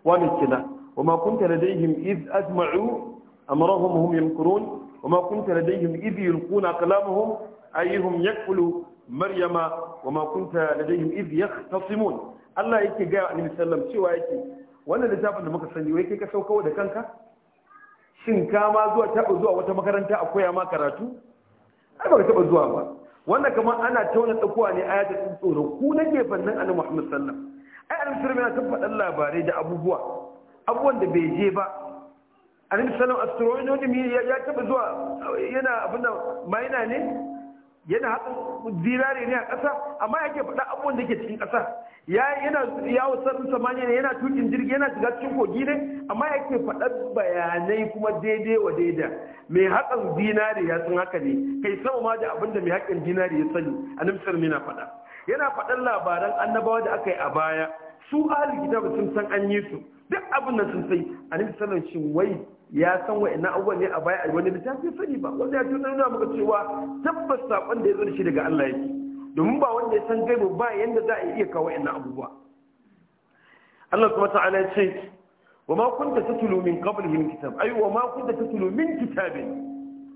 Wa wani kina wama kunta ladaihim id ajma'u amrahum hum yamkurun wama kunta ladaihim id yulquna kalamahum ayyuhum yakulu maryama Wa wama kunta ladaihim id yahtasimun Allah yake ga Annabi sallam cewa yake wannan littafin da muka sani wai kai ka sauko da kanka shin ka ma zuwa taɓa zuwa wata makaranta a koya ma karatu ai ba ka taɓa zuwa ba wannan kamar ana tauna tsakuwa ne aya da tsoro ku na gefen nan annabi Muhammad sallallahu ai annabi sallallahu yana faɗan labarai da abubuwa abubuwan da bai je ba annabi sallallahu alaihi ya taɓa zuwa yana abin nan maina ne yana haɗin zinare ne a ƙasa amma yake faɗa abubuwan da ke cikin ƙasa ya yana yawo samaniya ne yana tukin jirgi yana shiga cikin kogi ne amma yake faɗa bayanai kuma daidai wa daida mai haƙan zinare ya san haka ne kai sama ma da abin da mai haƙan zinare ya sani a sallallahu mina faɗa yana faɗan labaran annabawa da aka yi a baya su ahli kitab sun san an yi su duk abin da sun sai a sallallahu shi wai ya san wa ina abubuwan ne a baya a wani littafi sani ba wanda ya tunar da muka cewa tabbas saƙon da ya zo da shi daga Allah yake domin ba wanda ya san gaibu ba yanda za a iya kawo ina abubuwa Allah kuma ta'ala ya ce wa ma kunta tatlu min qablihi min kitab ay wa ma kunta tatlu min kitabin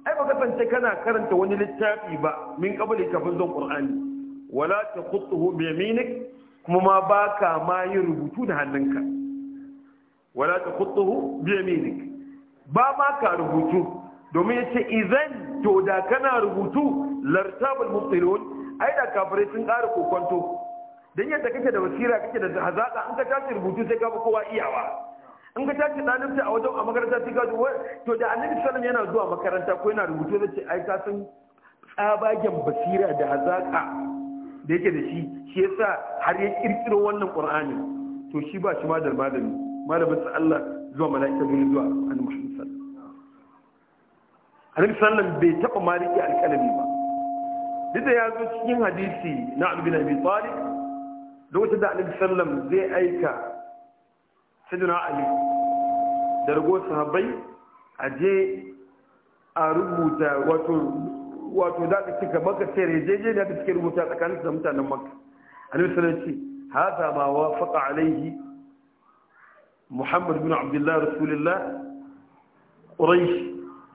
ai ba kasance kana karanta wani littafi ba min qabli kafin zon qur'ani wala taqutuhu bi yaminik kuma ma baka ma yin rubutu da hannunka wala taqutuhu bi yaminik ba ma ka rubutu domin ya ce izan to da kana rubutu lartabul mutsirun ai da kafirai sun ƙara kokonto dan yadda kake da basira kake da hazaƙa, an ka tashi rubutu sai ka fi kowa iyawa in ka tashi ɗalibta a wajen a makaranta sai ka to da annabi sallam yana zuwa makaranta ko yana rubutu zai ce ai ka san tsabagen basira da hazaƙa da yake da shi shi yasa har ya kirkiro wannan ƙur'ani. to shi ba shi ma da malami malamin sa Allah zuwa mala'ika gani zuwa annabi Muhammad sallallahu alaihi wasallam bai taba maliki alƙalami ba duk da ya zo cikin hadisi na Abu Abi Talib lokacin da annabi sallam zai aika sayyidina Ali da rago sahabbai a je a rubuta wato wato da ka cika maka sai rejeje da ka cika rubuta tsakanin da mutanen maka annabi sallallahu alaihi wasallam ce haza ma wafaqa alaihi muhammad bin abdullahi rasulillah ƙuraish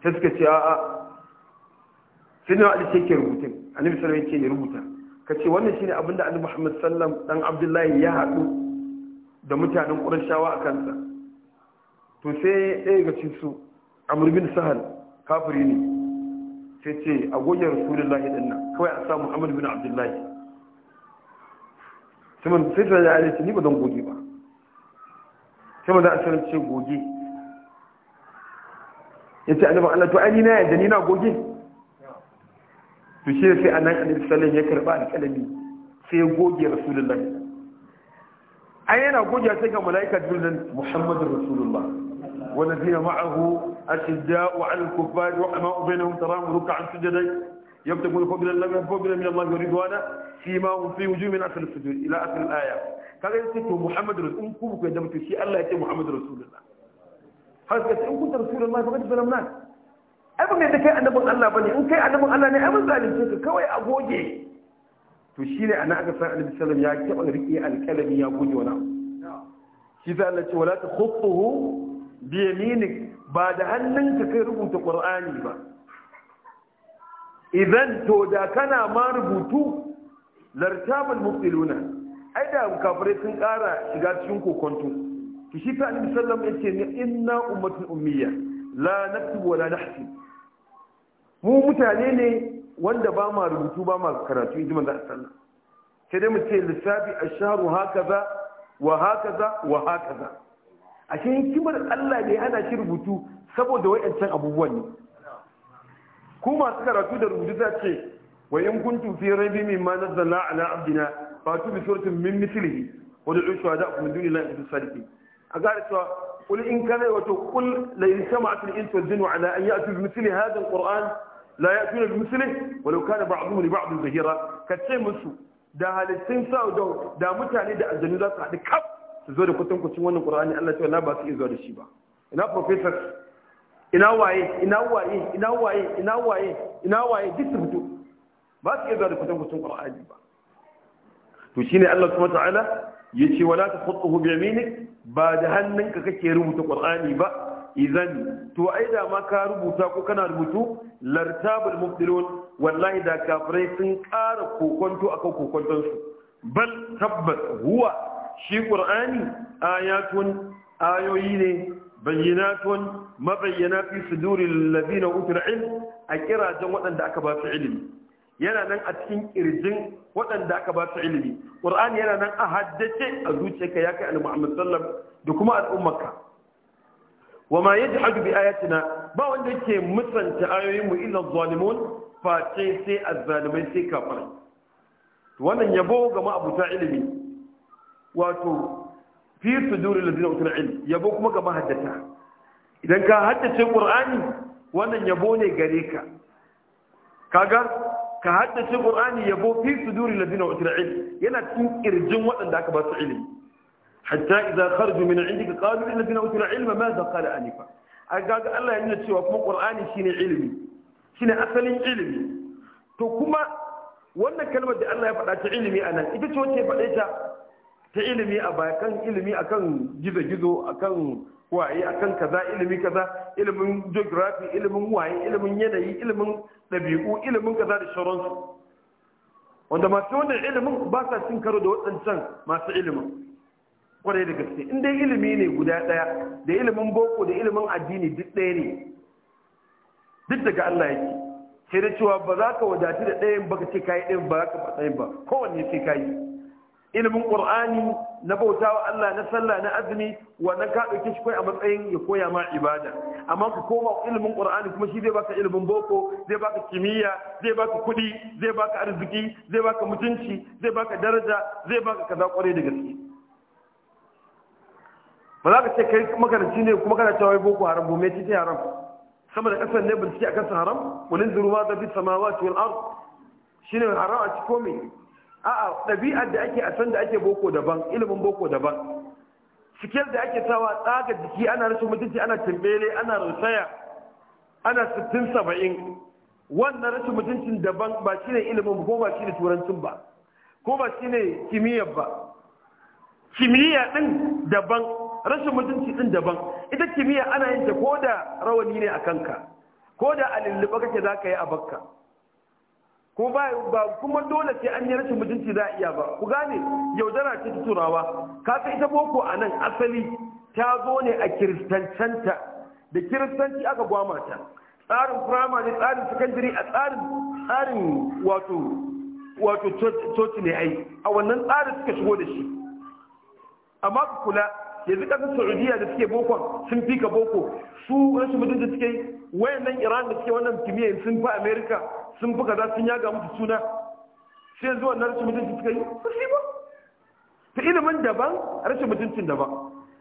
sai suka ce a'a sai na ali sai ke rubutun annabi sallallahu alaihi wasallam ya rubuta ce wannan shine abin da annabi muhammad sallam dan abdullahi ya haɗu da mutanen ƙurashawa a kansa to sai ɗaya ga cikin su amr sahal kafiri ne sai ce a goyar rasulullahi din nan kawai a sa muhammad bin abdullahi sai man sai da ya ce ni ba don goge ba sai maza a ce goge ya ce annabin allah to ai na yadda ni na goge to shi sai a nan annabi ya karba alƙalami sai ya goge rasulullah ai yana goge sai ga mala'ika jibril muhammadin rasulullah والذين معه أشداء على الكفار وحماء بينهم تراهم ركعا سجدا فوق يكتبون قبل لم يقبل من الله رضوانا فيما هم في وجوه من اصل الصدور الى اصل الايه قال انت محمد رسول ان كنت قدمت شيء الله يتي محمد رسول الله هل قلت ان كنت رسول الله فقد ظلمناك اي بغي انت كان ابو الله بني ان كان ابو الله ني ابو ظالم كنت كوي اغوجي تو شيني انا اغا فان النبي صلى الله عليه وسلم إيه يا كبل ريقي الكلم يا غوجي ونا شيذا الله ولا تخطه بيمينك بعد هل ننتكر رغم القران بقى idan to da kana ma rubutu lartabul mubtiluna ai da kafirai sun ƙara shiga cikin kokonto ki shi ta annabi sallallahu alaihi wasallam yace inna ummatun ummiya la naktubu wa la nahsib mu mutane ne wanda ba ma rubutu ba ma karatu inji manzo sallallahu sai dai mu ce lissafi ashharu hakaza wa hakaza wa hakaza ashe hikimar Allah ne ana shi rubutu saboda wayancan abubuwan ne ku masu karatu da rubutu ta ce wa in kuntum fi raibi mimma nazzalna ala abdina fatu bi suratin min mithlihi wa da'u shuhada'akum min dunillahi in kuntum sadiqin a gare cewa qul in kana wa to kul la yasma'u al-insu wal jinnu ala an ya'tu bi mithli hadha al-qur'an la ya'tuna bi mithlihi wa law kana ba'dhum li ba'd zahira ce musu da halittun sa da mutane da aljanu za su haɗu kaf su zo da kwatankwacin wannan qur'ani Allah ya ce la ba su iya zuwa da shi ba ina professor ina waye ina waye ina waye ina waye ina waye duk su fito ba su iya zuwa da fitan kusan qur'ani ba to shi ne Allah subhanahu wataala yace wala takhutuhu bi yaminik ba da hannunka kake rubuta qur'ani ba idan to ai da ma ka rubuta ko kana rubutu lartabul mubtilun wallahi da kafirai sun ƙara kokonto akan kokonton su bal tabbas huwa shi ƙur'ani, ayatun ayoyi ne bayyinatun mabayyana fi suduril ladina utul ilm a kirajen waɗanda aka ba su ilimi yana nan a cikin kirjin waɗanda aka ba su ilimi qur'ani yana nan a haddace a zuciyarka ya kai al-muhammad Sallam da kuma al'ummarka wa ma yajhadu bi ayatina ba wanda yake musanta ayoyin mu illa zalimun face sai azzalimai sai kafir wannan yabo gama ma'abuta ilimi wato fi sujuri lazina utul ilm yabo kuma ga mahaddata idan ka haddace qur'ani wannan yabo ne gare ka kaga ka haddace qur'ani yabo fi suduri lazina utul ilm yana cikin kirjin waɗanda aka ba su ilimi hatta idan kharaju min indika qalu lil ladina utul ilma ma za qala anifa aga ga Allah yana cewa kuma qur'ani shine ilimi shine asalin ilimi to kuma wannan kalmar da Allah ya faɗa ta ilimi anan ita ce wacce ya faɗe ta ta ilimi a bakan ilimi akan gizo-gizo akan waye akan kaza ilimi kaza ilimin geography ilimin waye ilimin yanayi ilimin dabi'u, ilimin kaza da sauransu wanda masu wannan ilimin ba sa cin karo da waɗancan masu ilimin kwarai da gaske in ilimi ne guda ɗaya da ilimin boko da ilimin addini duk ɗaya ne duk daga Allah yake sai da cewa ba za ka wadatu da ɗayan ba ka ce kayi ɗayan ba za ka ba ɗayan ba kowanne sai kayi ilimin ƙur'ani na bauta wa Allah na sallah na azumi wannan ka ɗauke shi kai a matsayin ya koya ma ibada amma ka koma ilimin qur'ani kuma shi zai baka ilimin boko zai baka kimiyya zai baka kuɗi, zai baka arziki zai baka mutunci zai baka daraja zai baka kaza ƙwarai da gaske ba za ka ce kai makaranci ne kuma kana cewa boko haram me ce haram sama da kasan ne bincike akan su haram Wani zuru ma da bi samawati wal ard shine haram a cikin komai a'a ɗabi'ar da ake a san da ake boko daban ilimin boko daban sikel da ake sawa tsaga jiki ana rashin mutunci ana tambele ana rusaya ana sittin saba'in wannan rashin mutuncin daban ba shi ne ilimin ko ba shi ne turancin ba ko ba shi ne kimiyyar ba kimiyya din daban rashin mutunci din daban ita kimiyya ana yin ta ko da rawani ne a kanka ko da a lulluɓa kake za ka yi a bakka ko ba ba kuma dole sai an yi rashin mutunci za a iya ba ku gane yaudara ce ta turawa kasa ita boko a nan asali ta zo ne a kiristancanta da kiristanci aka gwama ta tsarin firamare tsarin sakandare a tsarin tsarin wato wato coci ne ai a wannan tsarin suka shigo da shi amma ku kula yanzu kasar saudiya da suke bokon sun fi ka boko su rashin da suke yi wayannan iran da suke wannan kimiyya sun fi Amerika sun fi kaza sun yaga mutu suna sai yanzu wannan rashin mutunci suke yi su shi ba ta ilimin daban rashin mutuncin daban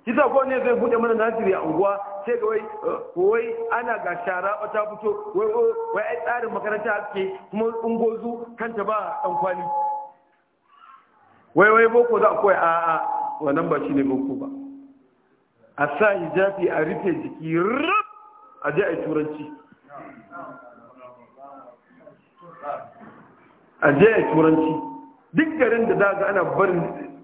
kisa ko ne zai bude mana nasiri a unguwa sai ga wai uh, wai ana ga shara ta fito wai wai ai tsarin makaranta ake kuma ungozu kanta ba dan kwali wai wai boko za a koya a a wannan ba shine boko ba a sa hijabi a rufe jiki rup a je a yi turanci a je a yi turanci duk garin da daga ana barin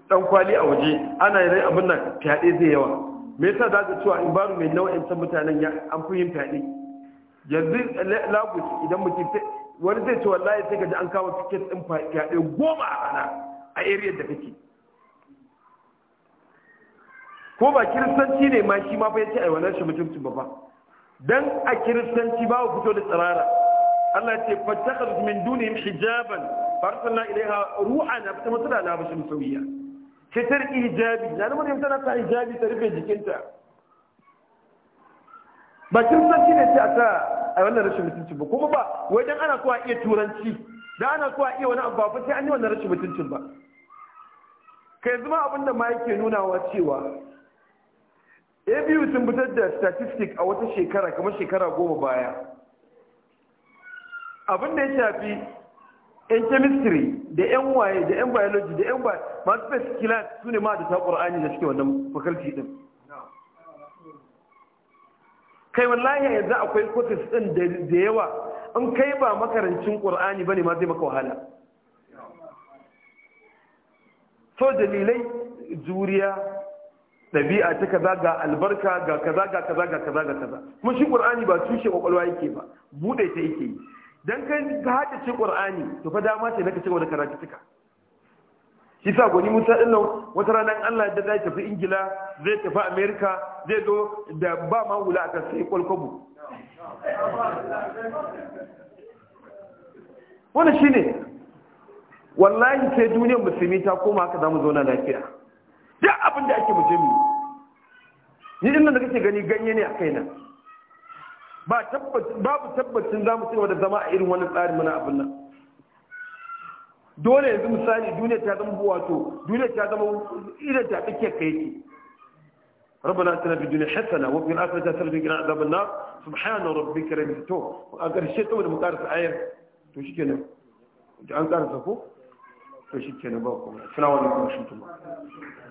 dan kwali a waje ana yin abin nan fyaɗe zai yawa me yasa daga cewa in baro mai nau'in san mutanen ya an fi yin fyaɗe yanzu lagos idan mutum wani zai ce wallahi sai ka ji an kawo tiket ɗin fyaɗe goma a rana a area da kake ko ba kiristanci ne ma shi ma fa yace ai wannan shi mutuncin ba ba. dan a kiristanci ba fito da tsirara Allah ya ce fattakhadhu min dunihim hijaban farsalna ilaiha ru'ana fa mutala la bashin sawiya ce tar na da mutum tana ta hijabi ta rufe jikinta ba kiristanci ne ce a ta ai wannan rashin mutunci ba kuma ba wai dan ana so a iya turanci dan ana so a iya wani abu ba sai an yi wannan rashin mutuncin ba kai zuma abinda ma yake nunawa cewa abu sun fitar da statistic a wata shekara kamar shekara goma baya abin da ya shafi yan chemistry da yan waye da yan biology da yan masu space kila su ne ma da ta ƙur'ani da suke wannan faculty din kai wallahi yanzu akwai kotis din da yawa in kai ba makarancin ba ne ma zai maka wahala so dalilai juriya ɗabi'a ta kaza ga albarka ga kaza ga kaza ga kaza ga kaza kuma shi qur'ani ba tushe kwakwalwa yake ba bude ta yake yi dan kai ka haɗa cin qur'ani to fa dama ce naka cigaba da karatu tuka shi sa gwani musa ɗin wata rana Allah da zai tafi ingila zai tafi america zai zo da ba ma hula ka sai kwalkwabo wannan shine wallahi sai duniyar musulmi ta koma haka zamu zauna lafiya duk abin da ake mutum ni inda da kake gani ganye ne a kai na, ba tabbacin babu tabbacin zamu cewa da zama a irin wani tsari mana abin nan dole yanzu misali duniya ta zama buwato duniya ta zama idan ta take kai ki rabbana atina bi dunya hasana wa fil akhirati hasana wa qina adhaban nar subhana rabbika rabbil to a garshe to da mukarasa ayar to shikenan da an karasa ko to shikenan ba ku assalamu alaikum shukran